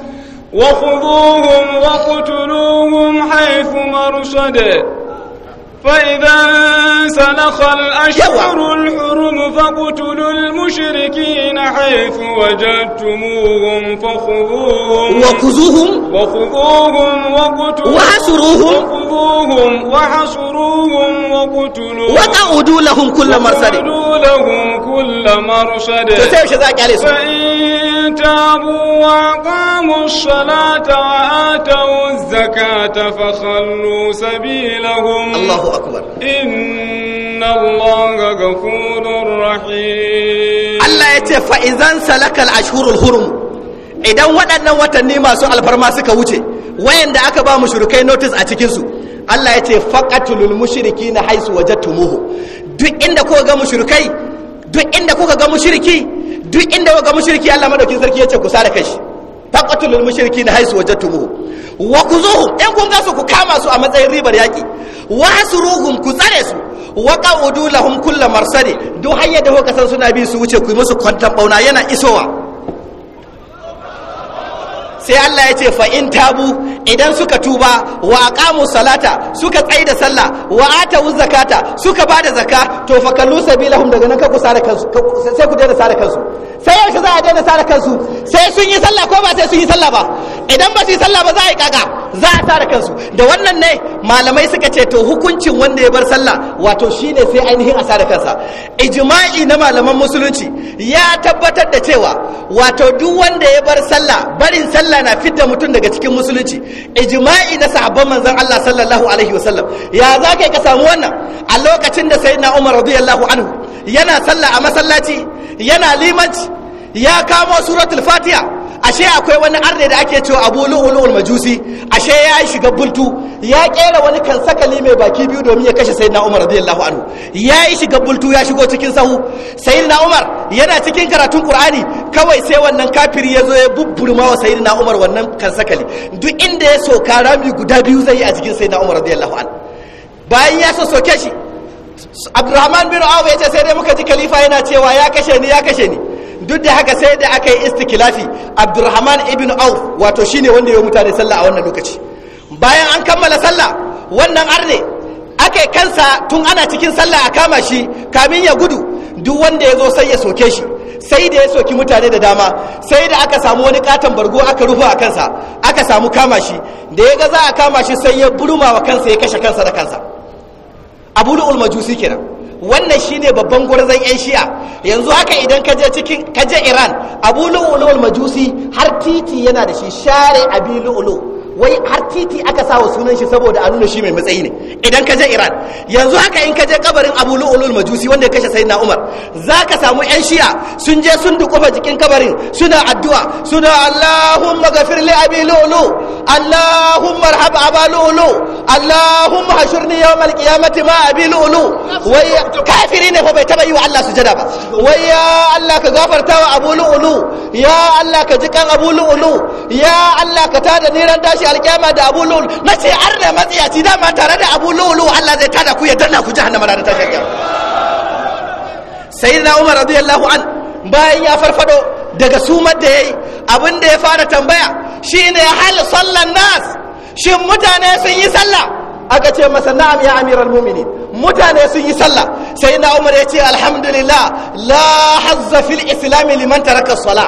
وخذوهم وخذوهم وقتلوهم حيث مرصد فإذا سنخ الأشهر الحرم فاقتلوا المشركين حيث وجدتموهم فخذوهم وخذوهم وخذوهم وقتلوا وحصروهم وخذوهم وحصروهم وقتلوهم وقعدوا لهم كل مرصد وقعدوا لهم كل مرصد فإن تابوا وأقاموا الصلاة وآتوا الزكاة فخلوا سبيلهم الله Allahu akbar inna allaha ghafurur rahim Allah yace fa idan salakal ashhurul hurum idan waɗannan watanni masu alfarma suka wuce wayanda aka ba mushrikai notice a cikin su Allah yace faqatul na haisu wajadtumuhu duk inda kuka ga mushrikai duk inda kuka ga mushriki duk inda kuka ga mushriki Allah madaukin sarki yace ku sare kai shi taqatul mushrikin haisu wajadtumuhu wa kuzuhum in kun ga su ku kama su a matsayin ribar yaƙi wa ruhun ku tsare su wa qa'udu lahum kullu marsadi duk hayyada ko kasan suna bi su wuce ku yi musu kwantan bauna yana isowa sai Allah ya ce fa tabu idan suka tuba wa kamu salata suka da sallah wa atawu zakata suka ba da zaka to fa kallu sabilahum daga nan kanku sare kansu sai ku daina sare kansu sai yaushe za a daina sare kansu sai sun yi sallah ko ba sai sun yi sallah ba idan ba su yi sallah ba za a yi kaga za a tara kansu da wannan ne malamai suka ce to hukuncin wanda ya bar sallah wato shine sai ainihin a tara kansa ijma'i na malaman musulunci ya tabbatar da cewa wato duk wanda ya bar sallah barin sallah na fidda mutum daga cikin musulunci ijma'i na sahabban manzon Allah sallallahu alaihi wasallam ya za ka samu wannan a lokacin da sayyidina Umar radiyallahu anhu yana sallah a masallaci yana limanci ya kamo suratul fatiha ashe akwai wani arde da ake cewa abu lu'ulu'ul majusi ashe ya yi shiga bultu ya kera wani kansakali mai baki biyu domin ya kashe sayyidina umar radiyallahu anhu ya yi shiga bultu ya shigo cikin sahu sayyidina umar yana cikin karatun kur'ani kawai sai wannan kafiri ya zo ya bubburma wa sayyidina umar wannan kansakali duk inda ya soka rami guda biyu zai yi a cikin sayyidina umar radiyallahu anhu bayan ya soke shi abdurrahman bin awu ya ce sai dai muka ji kalifa yana cewa ya kashe ni ya kashe ni duk da haka sai da aka yi istikilafi abdurrahman ibn auf wato shine wanda ya mutane sallah a wannan lokaci bayan an kammala sallah wannan arne aka kansa tun ana cikin sallah a kama shi kamin ya gudu duk wanda ya zo sai ya soke shi sai da ya soki mutane da dama sai da aka samu wani katon bargo aka rufe a kansa aka samu kama shi da ya ga za a kama shi sai ya buruma wa kansa ya kashe kansa da kansa abu da ulmajusi kenan wannan shine babban gwarzon yan shi'a yanzu haka idan ka je cikin ka Iran Abu Lu'lu'ul Majusi har titi yana da shi share Abi Lu'lu' wai har titi aka sa wa sunan shi saboda a nuna shi mai matsayi ne idan ka je iran yanzu haka in ka je kabarin abu lu'ulul majusi wanda ya kashe sayyidina umar za ka samu yan shi'a sun je sun dukufa jikin kabarin suna addu'a suna allahumma gafir li abi lu'lu allahumma rahab aba lu'lu Allahumma hashurni yawmal qiyamati ne fa yi wa Allah sujada Allah ka gafarta wa abu lu'lu ya Allah ka ji kan abu lu'lu ya Allah ka tada ni ran tashi alkiyama da abu lu'lu nace ar da matsiyaci dama tare da abu lu'lu Allah zai tada ku ya danna ku jahannama ran tashi alkiyama sayyidina Umar radiyallahu an bayan ya farfaɗo daga sumar da yayi abin da ya fara tambaya shine hal sallan nas shin mutane sun yi sallah aka ce masa na'am ya amiral mumini mutane sun yi sallah sai na umar ya ce alhamdulillah la hazza fil islami liman taraka sala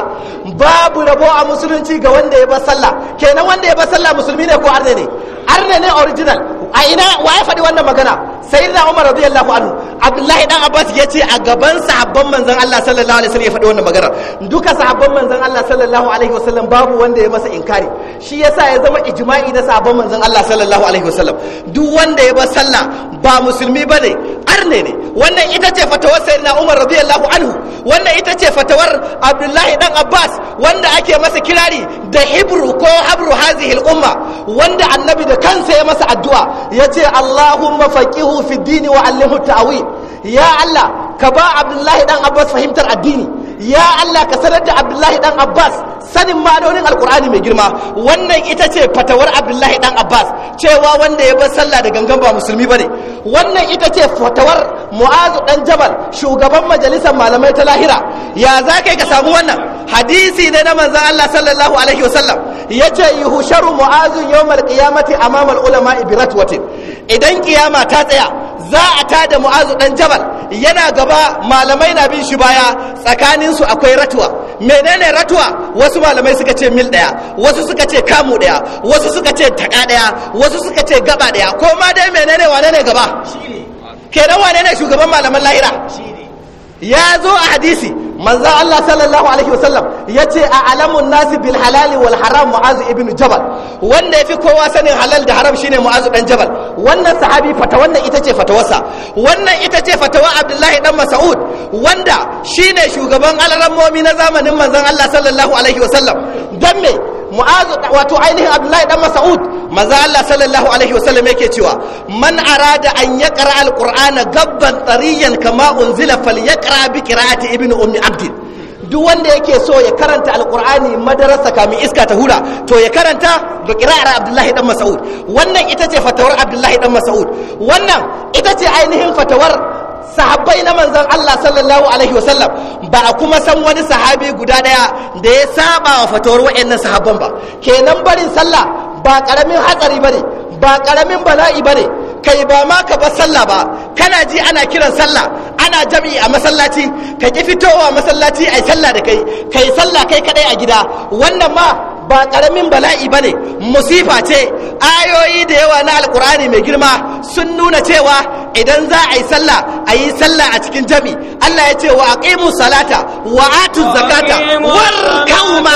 babu rabo a musulunci ga wanda ya bar sallah kenan wanda ya bar sallah musulmi ne ko arne ne arne ne original a ina wa ya faɗi wannan magana sai na umar radiyallahu anhu abdullahi dan abbas ya ce a gaban sahabban manzon allah sallallahu alaihi wasallam ya faɗi wannan magana duka sahabban manzon allah sallallahu alaihi wasallam babu wanda ya masa inkari shi yasa ya zama ijma'i na sahabban manzon allah sallallahu alaihi wasallam duk wanda ya bar sallah ba musulmi bane arne ne wannan ita ce fatawar sayyidina umar radiyallahu anhu wannan ita ce fatawar abdullahi dan abbas wanda ake masa kirari da hibru ko habru hazihi umma wanda annabi da kansa ya masa addu'a yace allahumma faqihu fi dini wa allimhu ta'wil ya Allah ka ba Abdullahi dan Abbas fahimtar addini ya Allah ka sanar da Abdullahi dan Abbas sanin ma'anonin Alkur'ani mai girma wannan ita ce fatawar Abdullahi dan Abbas cewa wanda ya bar sallah da gangan ba musulmi bane wannan ita ce fatawar Mu'azu dan Jabal shugaban majalisar malamai ta lahira ya za ka samu wannan hadisi ne na manzon Allah sallallahu alaihi wasallam yace yuhsharu mu'azu yawmal qiyamati amamal ulama ibratwatin idan kiyama ta tsaya za a tada mu'azu dan jabal yana gaba malamai na bin shi baya tsakaninsu akwai ratuwa menene ratuwa wasu malamai suka ce mil daya wasu suka ce kamu daya wasu suka ce taka daya wasu suka ce gaba daya ko ma dai menene wane ne gaba kenan wane ne shugaban malaman lahira ya zo a hadisi manzan Allah sallallahu alaihi wasallam ya ce a alamun nasi bil halali wal haram mu'azu ibn jabal wanda ya fi kowa sanin halal da haram shine mu'azu dan jabal wannan sahabi fata wannan ita ce fatawarsa wannan ita ce fatawa abdullahi dan mas'ud wanda shine shugaban alarammomi na zamanin manzan Allah sallallahu alaihi wasallam don me mu'azu wato ainihin abdullahi dan mas'ud maza Allah sallallahu alaihi wasallam yake cewa man arada an yaqra alqur'ana gabban tariyan kama unzila falyaqra bi qira'ati ibnu ummi abd duk wanda yake so ya karanta alqur'ani madarasa kamin iska ta hura to ya karanta da qira'ar abdullahi dan mas'ud wannan ita ce fatawar abdullahi dan mas'ud wannan ita ce ainihin fatawar sahabbai na manzon Allah sallallahu alaihi wasallam ba a kuma san wani sahabi guda daya da ya saba wa fatawar wa'annan sahabban ba kenan barin sallah ba karamin hatsari ba ne, ba karamin bala'i ba ne, kai ba ma ka bar sallah ba kana ji ana kiran sallah ana jami'i a masallaci ka ki fitowa masallaci ai sallah da kai kai sallah kai kadai a gida wannan ma ba karamin bala'i ba ne, musifa ce ayoyi da yawa na alkur'ani mai girma sun nuna cewa idan za a yi sallah a yi sallah a cikin jami Allah ya ce wa aqimu salata wa atu zakata kauma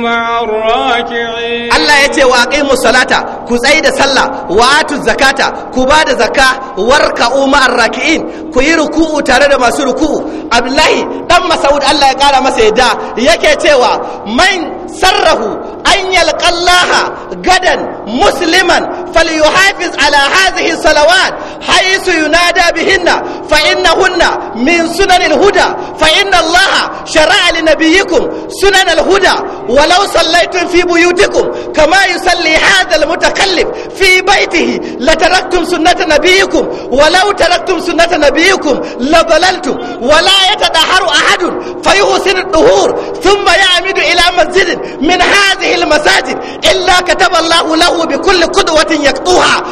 ma'arraki Allah ya ce wa aqimu salata ku tsayi da sallah wa atu zakata ku ba da zakka kauma ma'arraki'in ku yi ruku'u tare da masu ruku'u Abdullahi dan Mas'ud Allah ya kara masa yadda yake cewa man sarrahu an yalqa gadan musliman falyuhafiz ala hadhihi salawat haythu yunada bihinna fa innahunna min sunan al-huda fa inna Allah shara'a li nabiyikum sunan al-huda walau sallaytum fi buyutikum kama yusalli hadha mutakallim fi baytihi lataraktum sunnata nabiyikum walau taraktum sunnata nabiyikum لضللتم ولا يتدهر ahadun فيحسن الدهور ثم يعمد ila masjidin. من هذه المساجد إلا كتب الله له بكل قدوة يقطوها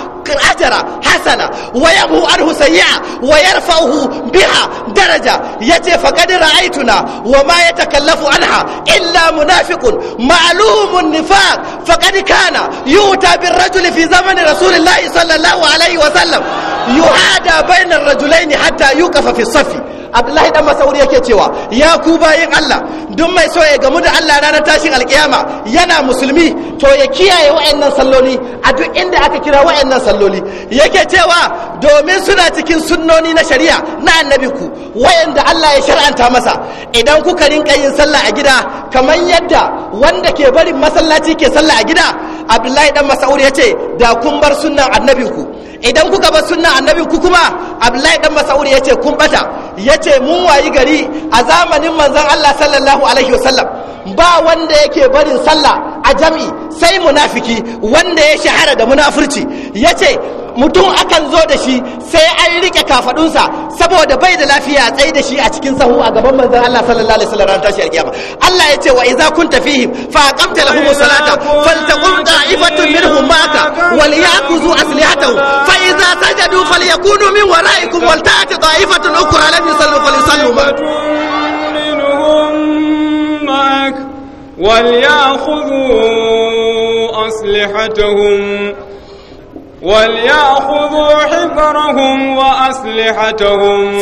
أجرا حسنة ويبه عنه سيئة ويرفعه بها درجة يتي فقد رأيتنا وما يتكلف عنها إلا منافق معلوم النفاق فقد كان يؤتى بالرجل في زمن رسول الله صلى الله عليه وسلم يهادى بين الرجلين حتى يوقف في الصف abdullahi dan masauri yake cewa ya ku bayin allah duk mai so ya gamu da allah ranar tashin alkiyama yana musulmi to ya kiyaye wa'annan salloli a duk inda aka kira wa'annan salloli yake cewa domin suna cikin sunnoni na shari'a na annabi ku wayanda allah ya shar'anta masa idan kuka rinka yin sallah a gida kamar yadda wanda ke barin masallaci ke sallah a gida abdullahi dan masauri ya ce da kun bar sunnan annabinku idan kuka ba sunna annabi ku kuma abdullahi dan mas'ud yace kun bata yace mun wayi gari a zamanin manzon Allah sallallahu alaihi wasallam ba wanda yake barin sallah a jami sai munafiki wanda ya shahara da munafurci yace mutum akan zo da shi sai an rike kafadunsa saboda bai da lafiya tsaye da shi a cikin sahu a gaban manzon Allah sallallahu alaihi wasallam ran tashi alkiyama Allah ya ce wa idza kunta fihim fa aqamta lahum salata faltaqum qa'ifatun minhum ma'aka wal yaquzu aslihatahum fa idza sajadu falyakunu min waraikum wal ta'ati qa'ifatun ukhra lam yusallu falyusallu ma'ak وليأخذوا أسلحتهم وليأخذوا حذرهم وأسلحتهم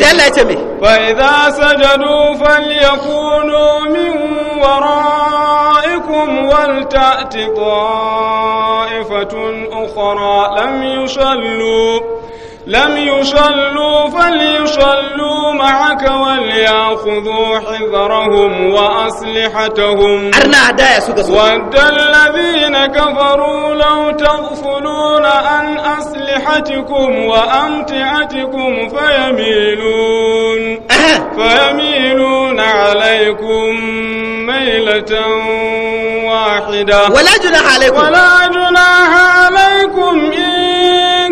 فإذا سجدوا فليكونوا من ورائكم ولتأت طائفة أخرى لم يصلوا لم يصلوا فليصلوا معك وليأخذوا حذرهم وأسلحتهم ود الذين كفروا لو تغفلون عن أسلحتكم وأمتعتكم فيميلون فيميلون عليكم ميلة واحدة ولا جناح عليكم ولا جناح عليكم إن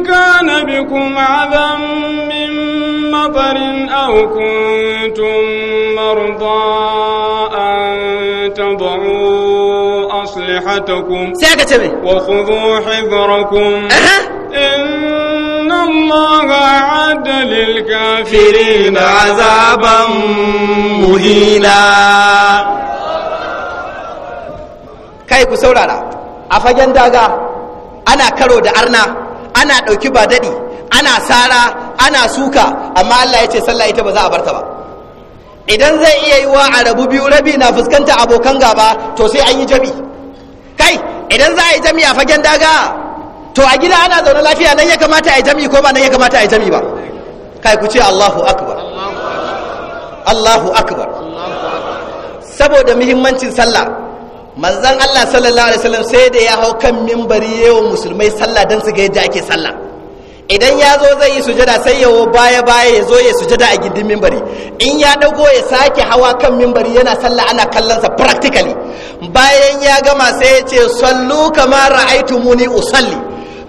كان بكم عذى من مطر أو كنتم مرضى أن تضعوا أصلحتكم وخذوا حذركم إن الله أعد للكافرين عذابا مهينا كيف ku أفجن a أنا daga ana ana ɗauki ba daɗi ana sara ana suka amma Allah ya ce sallah ita ba za a barta ba idan zai iya yi wa a rabu biyu rabi na fuskanta abokan gaba to sai an yi jami kai idan za a yi jami a fagen daga to a gida ana zaune lafiya nan ya kamata a yi jami ko ba nan ya kamata a yi jami ba kai ku ce Allahu akbar Allahu akbar saboda muhimmancin sallah manzan Allah sallallahu alaihi wasallam sai da ya hau kan mimbari yawa musulmai sallah don su ga yadda ake sallah idan ya zo zai yi sujada sai yawo baya baya ya zo ya sujada a gindin mimbari in ya dago ya sake hawa kan mimbari yana sallah ana kallon sa practically bayan ya gama sai ya ce sallu kamar ra'aitumuni usalli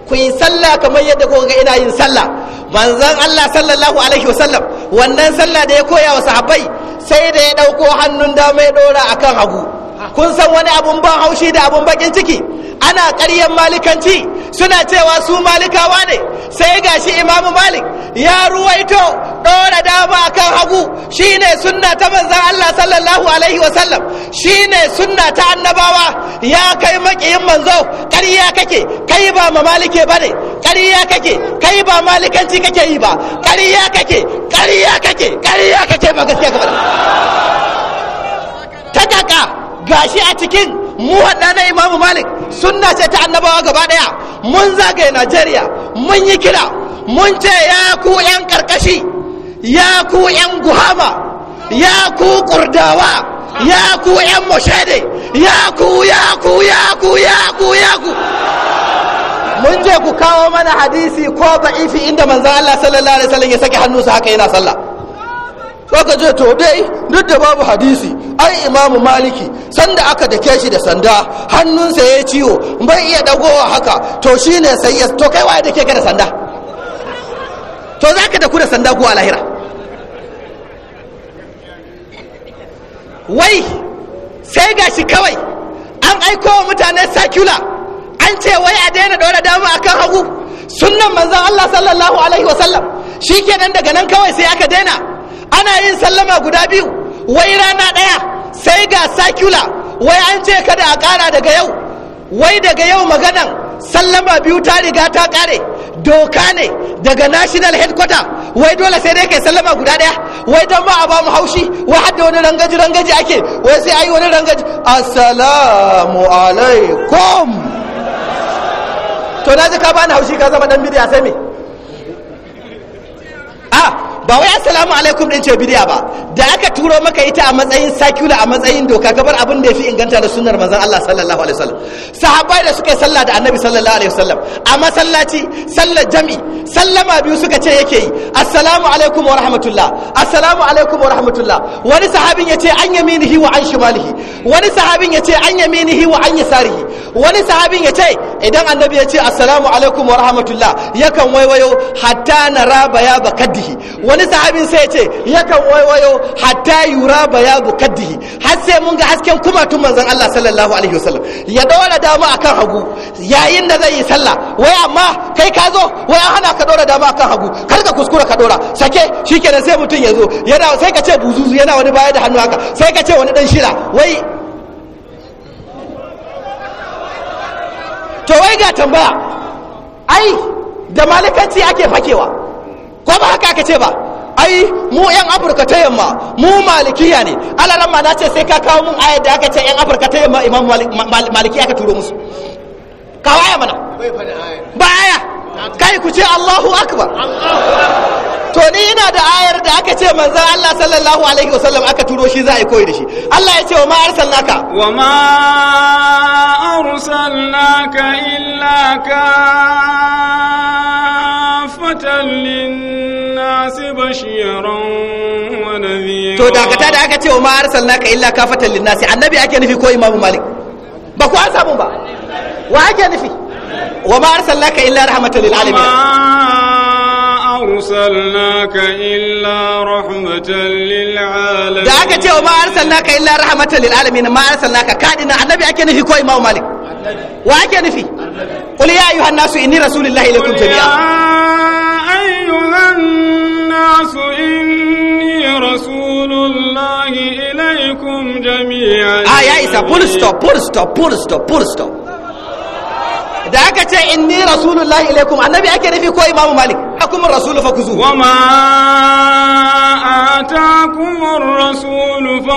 ku yi sallah kamar yadda kuka ga ina yin sallah manzan Allah sallallahu alaihi wasallam wannan sallah da ya koya wa sahabbai sai da ya dauko hannun dama ya dora akan hagu kun san wani abun ban haushi da abun bakin ciki ana ƙaryan malikanci suna cewa su malikawa ne sai ga shi imamu malik ya ruwaito ɗora dama kan hagu shine sunna ta manzan Allah sallallahu alaihi wasallam shine sunna ta annabawa ya kai makiyin manzo ƙarya kake kai ba ma malike ba ne ƙarya kake kai ba malikanci kake yi ba ƙarya kake ƙarya kake ƙarya kake ba gaskiya ka ta kaka gashi a cikin mu haɗa na imamu malik sunna ce ta annabawa gaba daya mun zagaye najeriya mun yi kira mun ce ya ku 'yan karkashi ya ku 'yan guhama ya ku kurdawa ya ku 'yan moshede ya ku ya ku ya ku ya ku ya ku mun je ku kawo mana hadisi ko ba'ifi inda manzo Allah sallallahu alaihi wasallam ya saki su haka yana sallah to ka je to dai duk da babu hadisi ai imamu maliki sanda aka dake shi da sanda hannunsa ya ciwo bai iya dagowa haka to shi ne sai ya to kai waye dake ka da sanda to za ka da ku da sanda ku a lahira wai sai gashi kawai an aiko wa mutane sakula an ce wai a daina daura dama akan hagu sunnan manzon Allah sallallahu alaihi wasallam shikenan daga nan kawai sai aka daina ana yin sallama guda biyu wai rana ɗaya sai ga sakula wai an ce kada a kara daga yau wai daga yau maganan sallama biyu ta riga ta kare doka ne daga national headquarter wai dole sai dai kai sallama guda ɗaya wai don ba a ba mu haushi wai hadda wani rangaji rangaji ake wai sai ayi wani rangaji assalamu alaikum to na ji ka bani haushi ka zama dan bidiya sai me ah, ba wai assalamu alaikum din ce bidiya ba da aka turo maka ita a matsayin sakula a matsayin doka gabar abin da fi inganta da sunnar manzon Allah sallallahu alaihi wasallam sahabbai da suka yi sallah da annabi sallallahu alaihi wasallam a masallaci sallar jami'i sallama biyu suka ce yake yi assalamu alaikum wa rahmatullah assalamu alaikum wa rahmatullah wani sahabin ya ce an yaminihi wa an shimalihi wani sahabin ya ce an yaminihi wa an yasarihi wani sahabin ya ce idan annabi ya ce assalamu alaikum wa rahmatullah yakan waiwayo hatta raba baya ba kaddihi wani sahabin sai ya ce yakan waiwayo hatta yura baya bu kaddihi har sai mun ga hasken kumatun manzon Allah sallallahu alaihi wasallam ya dawala dama akan hagu yayin da zai yi sallah wai amma kai ka zo wai an hana ka dora dama kan hagu kar ka kuskura ka dora sake shikenan sai mutum ya zo yana sai ka ce buzuzu yana wani baya da hannu haka sai ka ce wani dan shira wai to wai ga tambaya ai da malikanci ake fakewa ko ba haka aka ce ba ai mu yan afirka ta yamma mu malikiya ne alaran ma na ce sai ka kawo mun ayar da aka ce yan afirka ta yamma imam maliki aka turo musu kawo aya mana ba aya kai ku ce Allahu akbar to ni ina da ayar da aka ce manzon Allah sallallahu alaihi wasallam aka turo shi za a yi koyi da shi Allah ya ce wa ma arsalnaka wa ma arsalnaka illa ka kafatan linnas bashiran wa nadhira to dakata da aka ce wa ma arsalnaka illa ka fatallin nasi, annabi ake nufi ko imamu malik ba ku an samu ba wa ake nufi وما أرسلناك إلا رحمة للعالمين أرسلناك إلا رحمة للعالمين دعك تي وما أرسلناك إلا رحمة للعالمين ما أرسلناك كادنا النبي أكن في كوي ما مالك وأكن في قل يا أيها الناس إني رسول الله إليكم جميعا يا أيها الناس إني رسول الله إليكم جميعا آه يا إسا بول ستوب بول ستوب بول ستوب بول ستوب aka ce inni rasulullahi ilaikum annabi ake nufi ko imamu malik akum rasulu fa kuzu wa ma atakum rasulu fa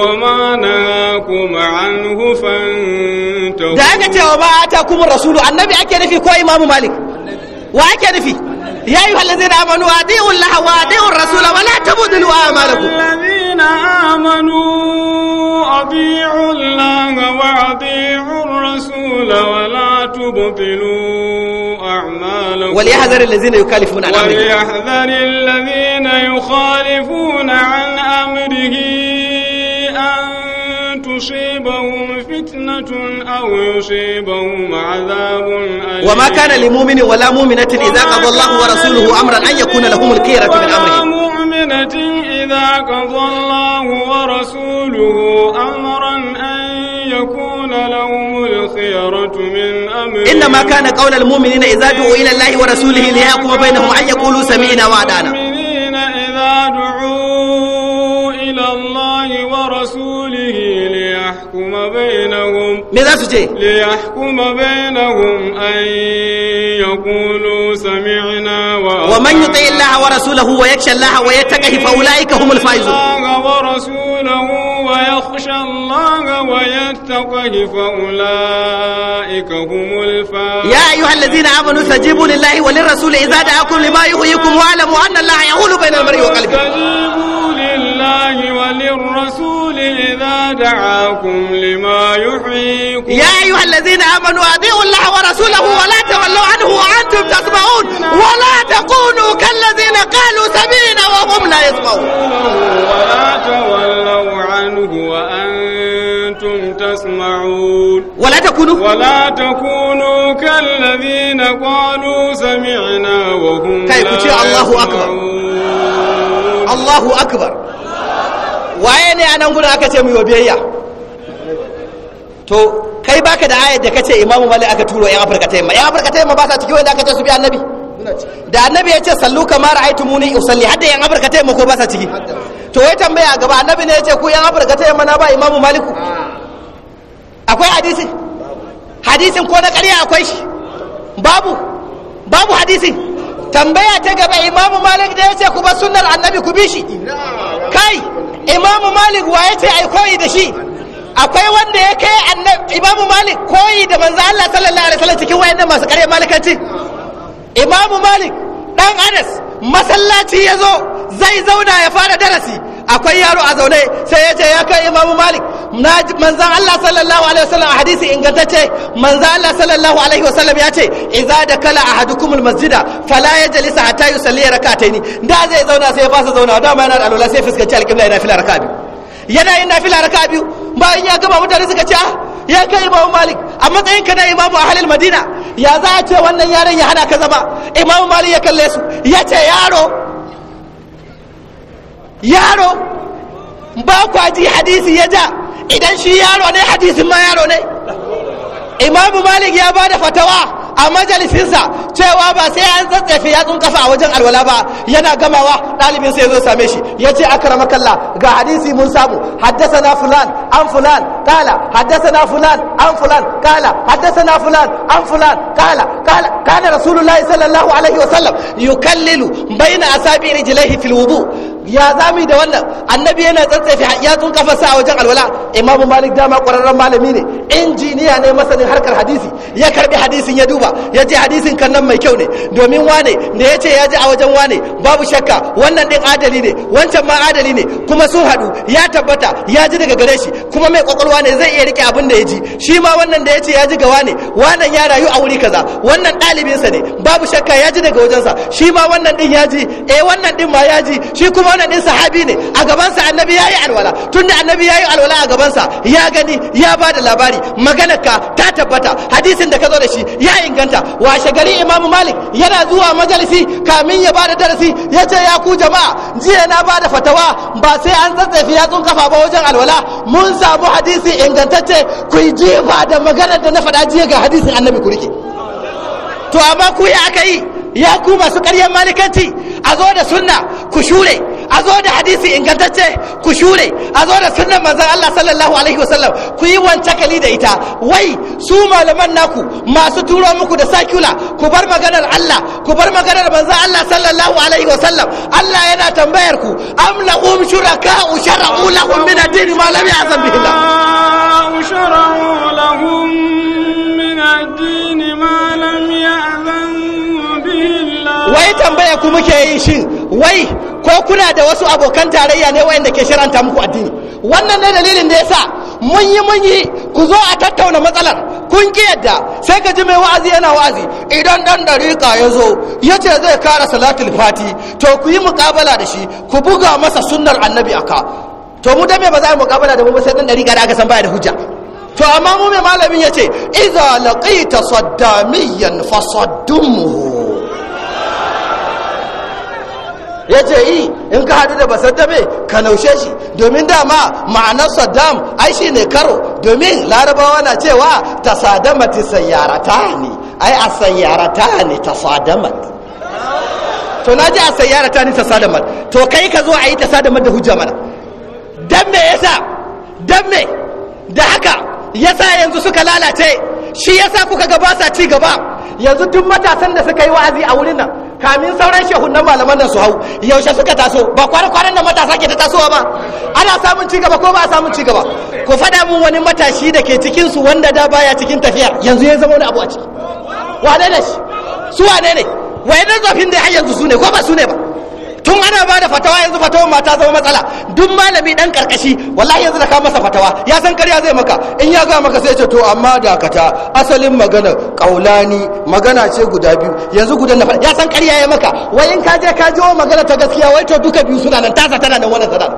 wa ma nahakum anhu fantahu da aka ce wa ma atakum rasulu annabi ake nufi ko imamu malik wa ake nufi يا أيها الذين آمنوا أطيعوا الله وأطيعوا wa ولا تبدلوا أعمالكم الذين آمنوا وأطيعوا الله وأطيعوا الرسول ولا تبطلوا أعمالكم وليحذر الذين يخالفون عن أمره وليحذر الذين يخالفون عن أمره يصيبهم فتنة أو يصيبهم عذاب أليم وما كان لمؤمن ولا مؤمنة إذا قضى الله ورسوله أمرا أن يكون لهم الخيرة من أمرهم مؤمنة إذا قضى الله ورسوله أمرا أن يكون لهم الخيرة من أمرهم إنما كان قول المؤمنين إذا دعوا إلى الله ورسوله ليحكم بينهم أن يقولوا سمعنا وعدانا liyahkuma bainahum su ce liyahkuma bainahum ay yaqulu wa wa man yuti illaha wa rasulahu wa ta allaha wa yattaqi fa ulaika humul faizun ويخشى الله ويتقه فأولئك هم الفائزون يا أيها الذين آمنوا استجيبوا لله وللرسول إذا دعاكم لما يحييكم واعلموا أن الله يحول بين المرء وقلبه استجيبوا لله وللرسول إذا دعاكم لما يحييكم يا أيها الذين آمنوا أطيعوا الله ورسوله ولا تولوا عنه وأنتم تسمعون ولا تكونوا كالذين قالوا سميع لا kai ku ce allahu akbar. allahu akbar. waye ne anan aka ce mu yi biyayya to kai baka da ayat da kace imamu malik aka turo yan afirka ta yamma yan afirka ta ba sa cikin wanda aka ce su bi annabi da annabi ya ce sallu kamar ra'aytumuni usalli hadda yan afirka ta mako basa ciki to wai tambaya gaba annabi ne ya ce ku yan afirka ta yamma na ba imamu maliku akwai hadisi hadisin ko na ƙarya akwai shi babu babu hadisi tambaya ta gaba imamu malik da ya ce ku ba sunnar annabi ku bi shi kai imamu malik wa ya ce ai koyi da shi akwai wanda ya kai imamu malik koyi da manzo Allah sallallahu alaihi wasallam cikin wayannan masu ƙarya malikanci imamu malik dan anas masallaci ya zo zai zauna ya fara darasi akwai yaro a zaune sai ya ce ya kai imamu malik manzan Allah sallallahu alaihi wasallam a hadisi ingantacce manzan Allah sallallahu alaihi wasallam ya ce idza da kala ahadukum almasjida fala yajlis hatta yusalli rak'ataini da zai zauna sai ya fasa zauna da ma yana da alwala sai fuskanci alqibla yana fila raka'a biyu yana yin nafila raka'a biyu bayan ya gama mutane suka ce ah, ya kai imamu malik a matsayin ka na imamu ahlul madina ya za a ce wannan yaron ya hana ka zama imam malik ya kalle su ya ce yaro yaro ba kwa ji hadisi ya ja idan shi yaro ne hadisin ma yaro ne imam malik ya ba da fatawa a majalisinsa cewa ba sai an tsatsefe yatsun kafa a wajen alwala ba yana gamawa ɗalibinsa ya zo same shi ya ce akaramakalla ga hadisi mun samu haddasa na fulan an fulan قال حدثنا فلان عن فلان قال حدثنا فلان عن فلان قال قال كان رسول الله صلى الله عليه وسلم يكلل بين أصابع رجليه في الوضوء ya zami da wannan annabi yana tsantsafe hayatun kafasa a wajen alwala imamu malik dama ƙwararren malami ne injiniya ne masanin harkar hadisi ya karbi hadisin ya duba ya ji hadisin kan nan mai kyau ne domin wane da ya ce ya ji a wajen wane babu shakka wannan din adali ne wancan ma adali ne kuma sun haɗu ya tabbata ya ji daga gare shi kuma mai ƙwaƙwalwa wane ne zai iya rike abin da ya ji shi ma wannan da ya ce ya ji gawa ne wannan ya rayu a wuri kaza wannan ɗalibinsa ne babu shakka ya ji daga wajensa shi ma wannan din ya ji eh wannan din ma ya ji shi kuma wannan din sahabi ne a gabansa annabi ya yi alwala tunda annabi ya yi alwala a gabansa ya gani ya ba da labari maganarka ta tabbata hadisin da ka zo da shi ya inganta washe gari imamu malik yana zuwa majalisi kamin ya ba da darasi ya ce ya ku jama'a jiya na ba da fatawa ba sai an tsatsafi yatsun kafa ba wajen alwala mun samu hadisi hadisi ingantacce ku yi jefa da maganar da na faɗa jiya ga hadisin annabi ku rike to amma ku yi aka yi ya ku masu ƙaryar malikanci a zo da sunna ku shure a zo da hadisi ingantacce ku shure a zo da sunan manzon Allah sallallahu alaihi wasallam ku yi wancakali da ita wai su malaman naku masu turo muku da sakula ku bar maganar Allah ku bar maganar manzon Allah sallallahu alaihi wasallam Allah yana tambayar ku am lahum shuraka'u shara'u lahum min ad-din ma lam ya'zam bihi Allah shara'u lahum min ad-din ma lam ya'zam bihi Allah wai tambaya ku muke yi shin wai ko kuna da wasu abokan tarayya ne wayanda ke shiranta muku addini wannan ne dalilin da yasa mun yi mun yi ku zo a tattauna matsalar kun ki yadda sai ka ji mai wa'azi yana wa'azi idan dan dariƙa ya zo ya ce zai kara salatul fati to ku yi muƙabala da shi ku buga masa sunnar annabi aka to mu dan ba za mu muƙabala da mu ba sai dan dariƙa da aka san baya da hujja to amma mu mai malamin ya ce iza laqita saddamiyan fasaddumuhu ya ce yi in ka haɗu da basaddabe ka naushe shi domin dama ma'anar saddam ai shi ne karo domin larabawa na cewa ta sadamati sayyarata ne ai a sayyarata ne ta sadamati to na ji a sayyarata ne ta sadamati to kai ka zo a yi ta sadamati da hujja mana dan me yasa dan me da haka yasa yanzu suka lalace shi yasa kuka ga ba sa ci gaba yanzu duk matasan da suka yi wa'azi a wurin nan kamin sauran shehunan malaman nan su hau yaushe suka taso ba kwanan da matasa ke ta tasowa ba ana samun ci gaba ko ba a samun ci gaba ku faɗa mun wani matashi da ke cikin su wanda da baya cikin tafiyar yanzu ya zama wani abu a ciki wane ne shi su wane ne wayannan zafin da ya yanzu su ne ko ba su ne ba tun ana ba da fatawa yanzu fatawa ma ta zama matsala duk malami dan karkashi wallahi yanzu da ka masa fatawa ya san karya zai maka in ya gaya maka sai ce to amma dakata asalin magana kaulani magana ce guda biyu yanzu guda na ya san karya ya maka wai in ka je ka jiwo magana ta gaskiya wai to duka biyu suna nan tasa tana nan wannan sanar.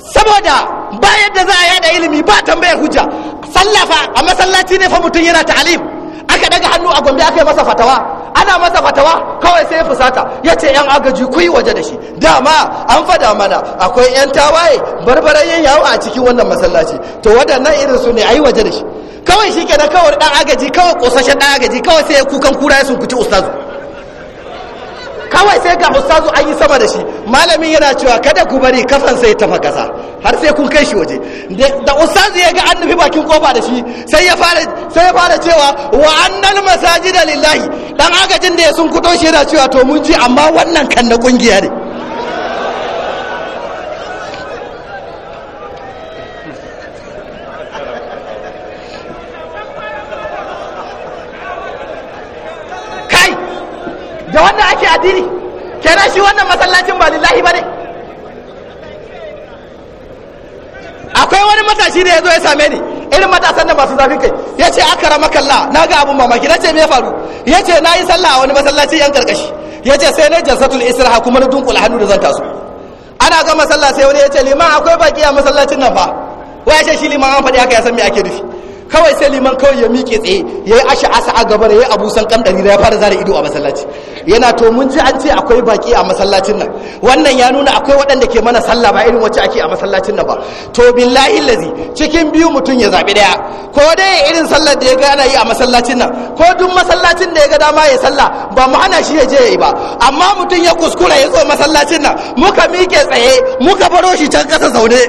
saboda bayan da za a yada ilimi ba tambayar hujja sallafa a masallaci ne fa mutum yana ta'alim aka daga hannu a gombe aka yi masa fatawa ana masa fatawa kawai sai fusata ya ce yan agaji kuyi waje da shi dama an fada mana akwai yan tawaye barbaran yan yawo a cikin wannan masallaci to wadannan irin su ne ayi waje da shi kawai shi kenan kawai dan agaji kawai kusashen dan agaji kawai sai kukan kura ya sunkuci ustazu kawai sai ga ustazu an yi sama da shi malamin yana cewa kada ku bari kafan sai tafa kasa har sai kun kai shi waje da ustazu ya ga an nufi bakin kofa da shi sai ya fara sai ya fara cewa wa annal masajida lillahi dan agajin da ya sun kudo shi yana cewa to mun ji amma wannan kan na kungiya ne da wannan ake addini kenan shi wannan masallacin ba lillahi ba ne akwai wani matashi da ya zo ya same ni irin matasan da masu zafi kai ya ce aka rama kalla na ga abun mamaki na ce me faru ya ce na yi sallah a wani masallaci yan karkashi ya ce sai na jalsatul israha kuma na dunkula hannu da zan taso ana gama sallah sai wani ya ce liman akwai baki a masallacin nan fa wai ya ce shi liman an faɗi haka ya san me ake nufi kawai sai liman kawai ya miƙe tsaye ya yi ashe asa a gaba da ya yi abusan kan ɗari da ya fara zara ido a masallaci yana to mun ji an ce akwai baki a masallacin nan wannan ya nuna akwai waɗanda ke mana sallah ba irin wacce ake a masallacin nan ba to billahi lazi cikin biyu mutum ya zaɓi ɗaya ko dai irin sallar da ya ga ana yi a masallacin nan ko duk masallacin da ya ga dama ya sallah ba mu ana shi ya je ya yi ba amma mutum ya kuskura ya zo masallacin nan muka miƙe tsaye muka baro shi can ƙasa zaune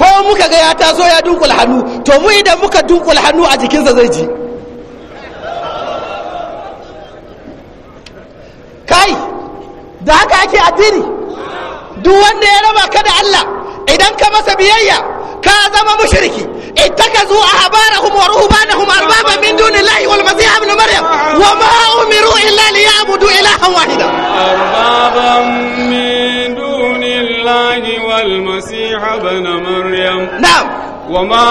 ko muka ga ya taso ya dunkula hannu to mu idan muka dunkula hannu a jikinsa zai ji kai da haka ake addini duk wanda ya raba ka da Allah idan ka masa biyayya ka zama mushriki ittakazu ahbarahum wa ruhbanahum arbaba min dunillahi wal masih ibn maryam wa ma umiru illa liya'budu ilahan wahida arbaba min الله والمسيح ابن مريم نعم وما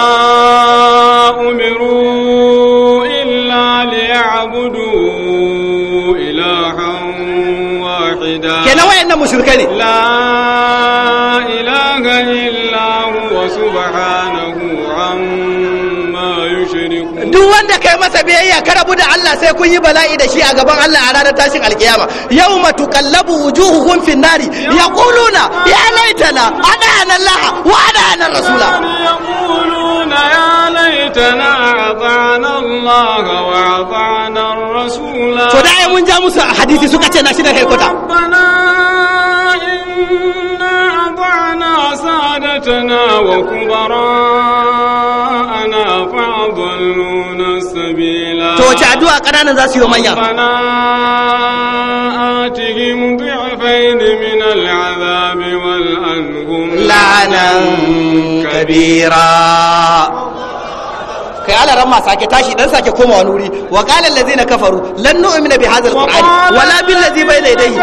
أمروا إلا ليعبدوا إلها واحدا كنا وإن مشركين لا duk wanda kai masa biyayya ka rabu da Allah sai kun yi bala'i da shi a gaban Allah a ranar tashin alkiyama yawma tuqallabu wujuhuhum fi nari yaquluna ya laitana ana Allah wa adana rasula yaquluna ya laitana ata'ana Allah wa ata'ana rasula to da mun ja musu hadisi suka ce na shi da kai kota إنا sadatana wa kubara. يضلون سبيلا addu'a ƙananan za su yi manya ربنا آتهم ضعفين من العذاب kai ala ramma sake tashi dan sake koma wani wuri wa qala allazina kafaru lan nu'mina bi hadha alquran wala bil bayna yadayhi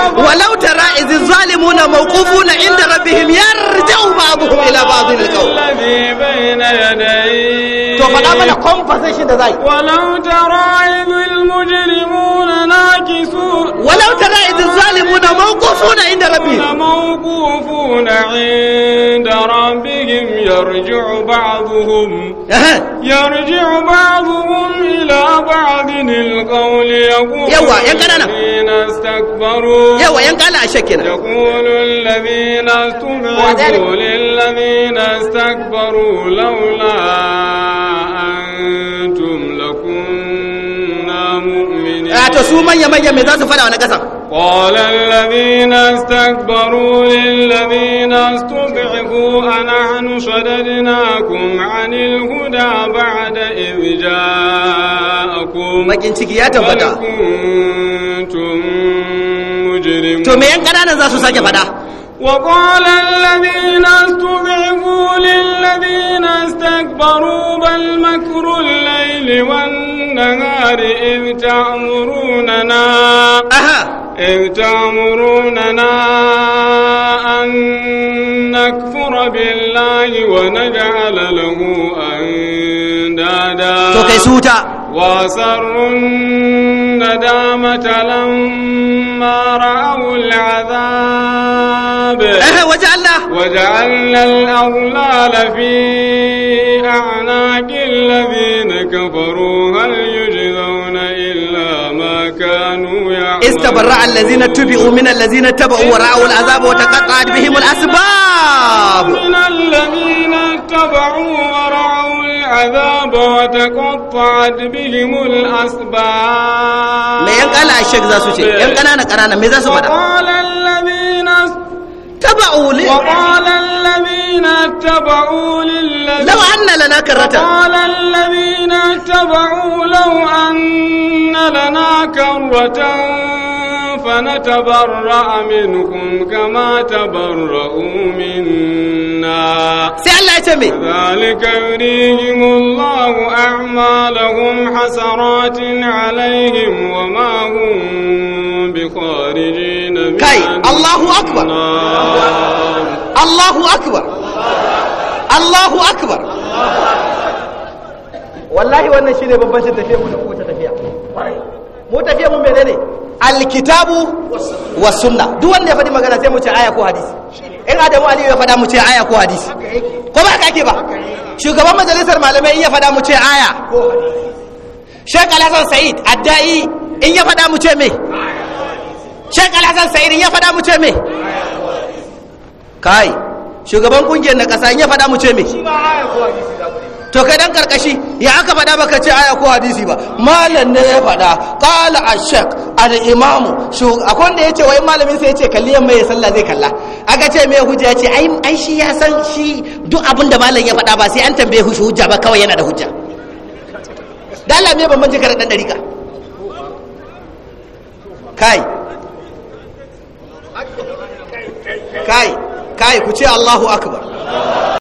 tara iz zalimuna mawqufuna inda rabbihim yarji'u ba'dhum ila ba'dhin alqawl alladhi bayna yadayhi to faɗa mana compensation da za yi walau tara idil mujrimuna nakisu walau tara idil zalimuna mawqufuna inda rabbi mawqufuna inda rabbihim yarji'u ba'dhum yarji'u ba'dhum ila ba'din alqawl yaqulu yawa yan kanana istakbaru yawa yan kana a shakina yaqulu alladhina tubu lil ladina istakbaru laula da su manya manya mai za su fada wani kasa ƙwalar lalina stagbarulin lalina stubihu a na hannu shadadina kun anil huda ba da ewija a kuma makin ciki ya tabbata to me yan kananan za su sake fada وقال الذين استضعفوا للذين استكبروا بل مكر الليل والنهار إذ تأمروننا إذ تأمروننا أن نكفر بالله ونجعل له أندادا وأسروا الندامة لما رأوا العذاب وجعلنا وجعلنا الأغلال في أعناق الذين كفروا هل يجزون إلا ما كانوا يعملون استبرع الذين تُبِعُوا من الذين تبعوا ورأوا العذاب وتقطعت بهم الأسباب من الذين اتبعوا ورأوا العذاب وتقطعت بهم الأسباب ما ينقل الشيخ ذا سوشي ينقل أنا قرانا ماذا سوى وقال الذين تبعوا لي وقال الذين اتبعوا للذين لو أن لنا كرة قال الذين اتبعوا لو أن لنا كرة سوف نتبرأ منكم كما تبرأوا منا كذلك يريهم الله أعمالهم حسرات عليهم وما هم بخارجين من كي الله أكبر الله أكبر الله أكبر wallahi wannan shine babban shi tafiya mu da kowace tafiya mu tafiya mu menene alkitabu wa sunna duk wanda ya faɗi magana sai mu ce aya ko hadisi in adamu aliyu ya faɗa mu ce aya ko hadisi ko ba ka ake ba shugaban majalisar malamai in ya faɗa mu ce aya shek alhassan sa'id addai in ya faɗa mu ce me shek alhassan sa'id in ya faɗa mu ce me kai shugaban kungiyar na ƙasa in ya faɗa mu ce me to kai dan karkashi ya aka faɗa baka ce aya ko hadisi ba malam ne ya faɗa qala ashak al imam shu akwai da yace wai malamin sai yace kalliyan mai sallah zai kalla aka ce me hujja yace ai ai shi ya san shi duk abin da malam ya faɗa ba sai an tambaye shi hujja ba kawai yana da hujja dan Allah me manje kare dan dariƙa kai kai kai ku ce Allahu akbar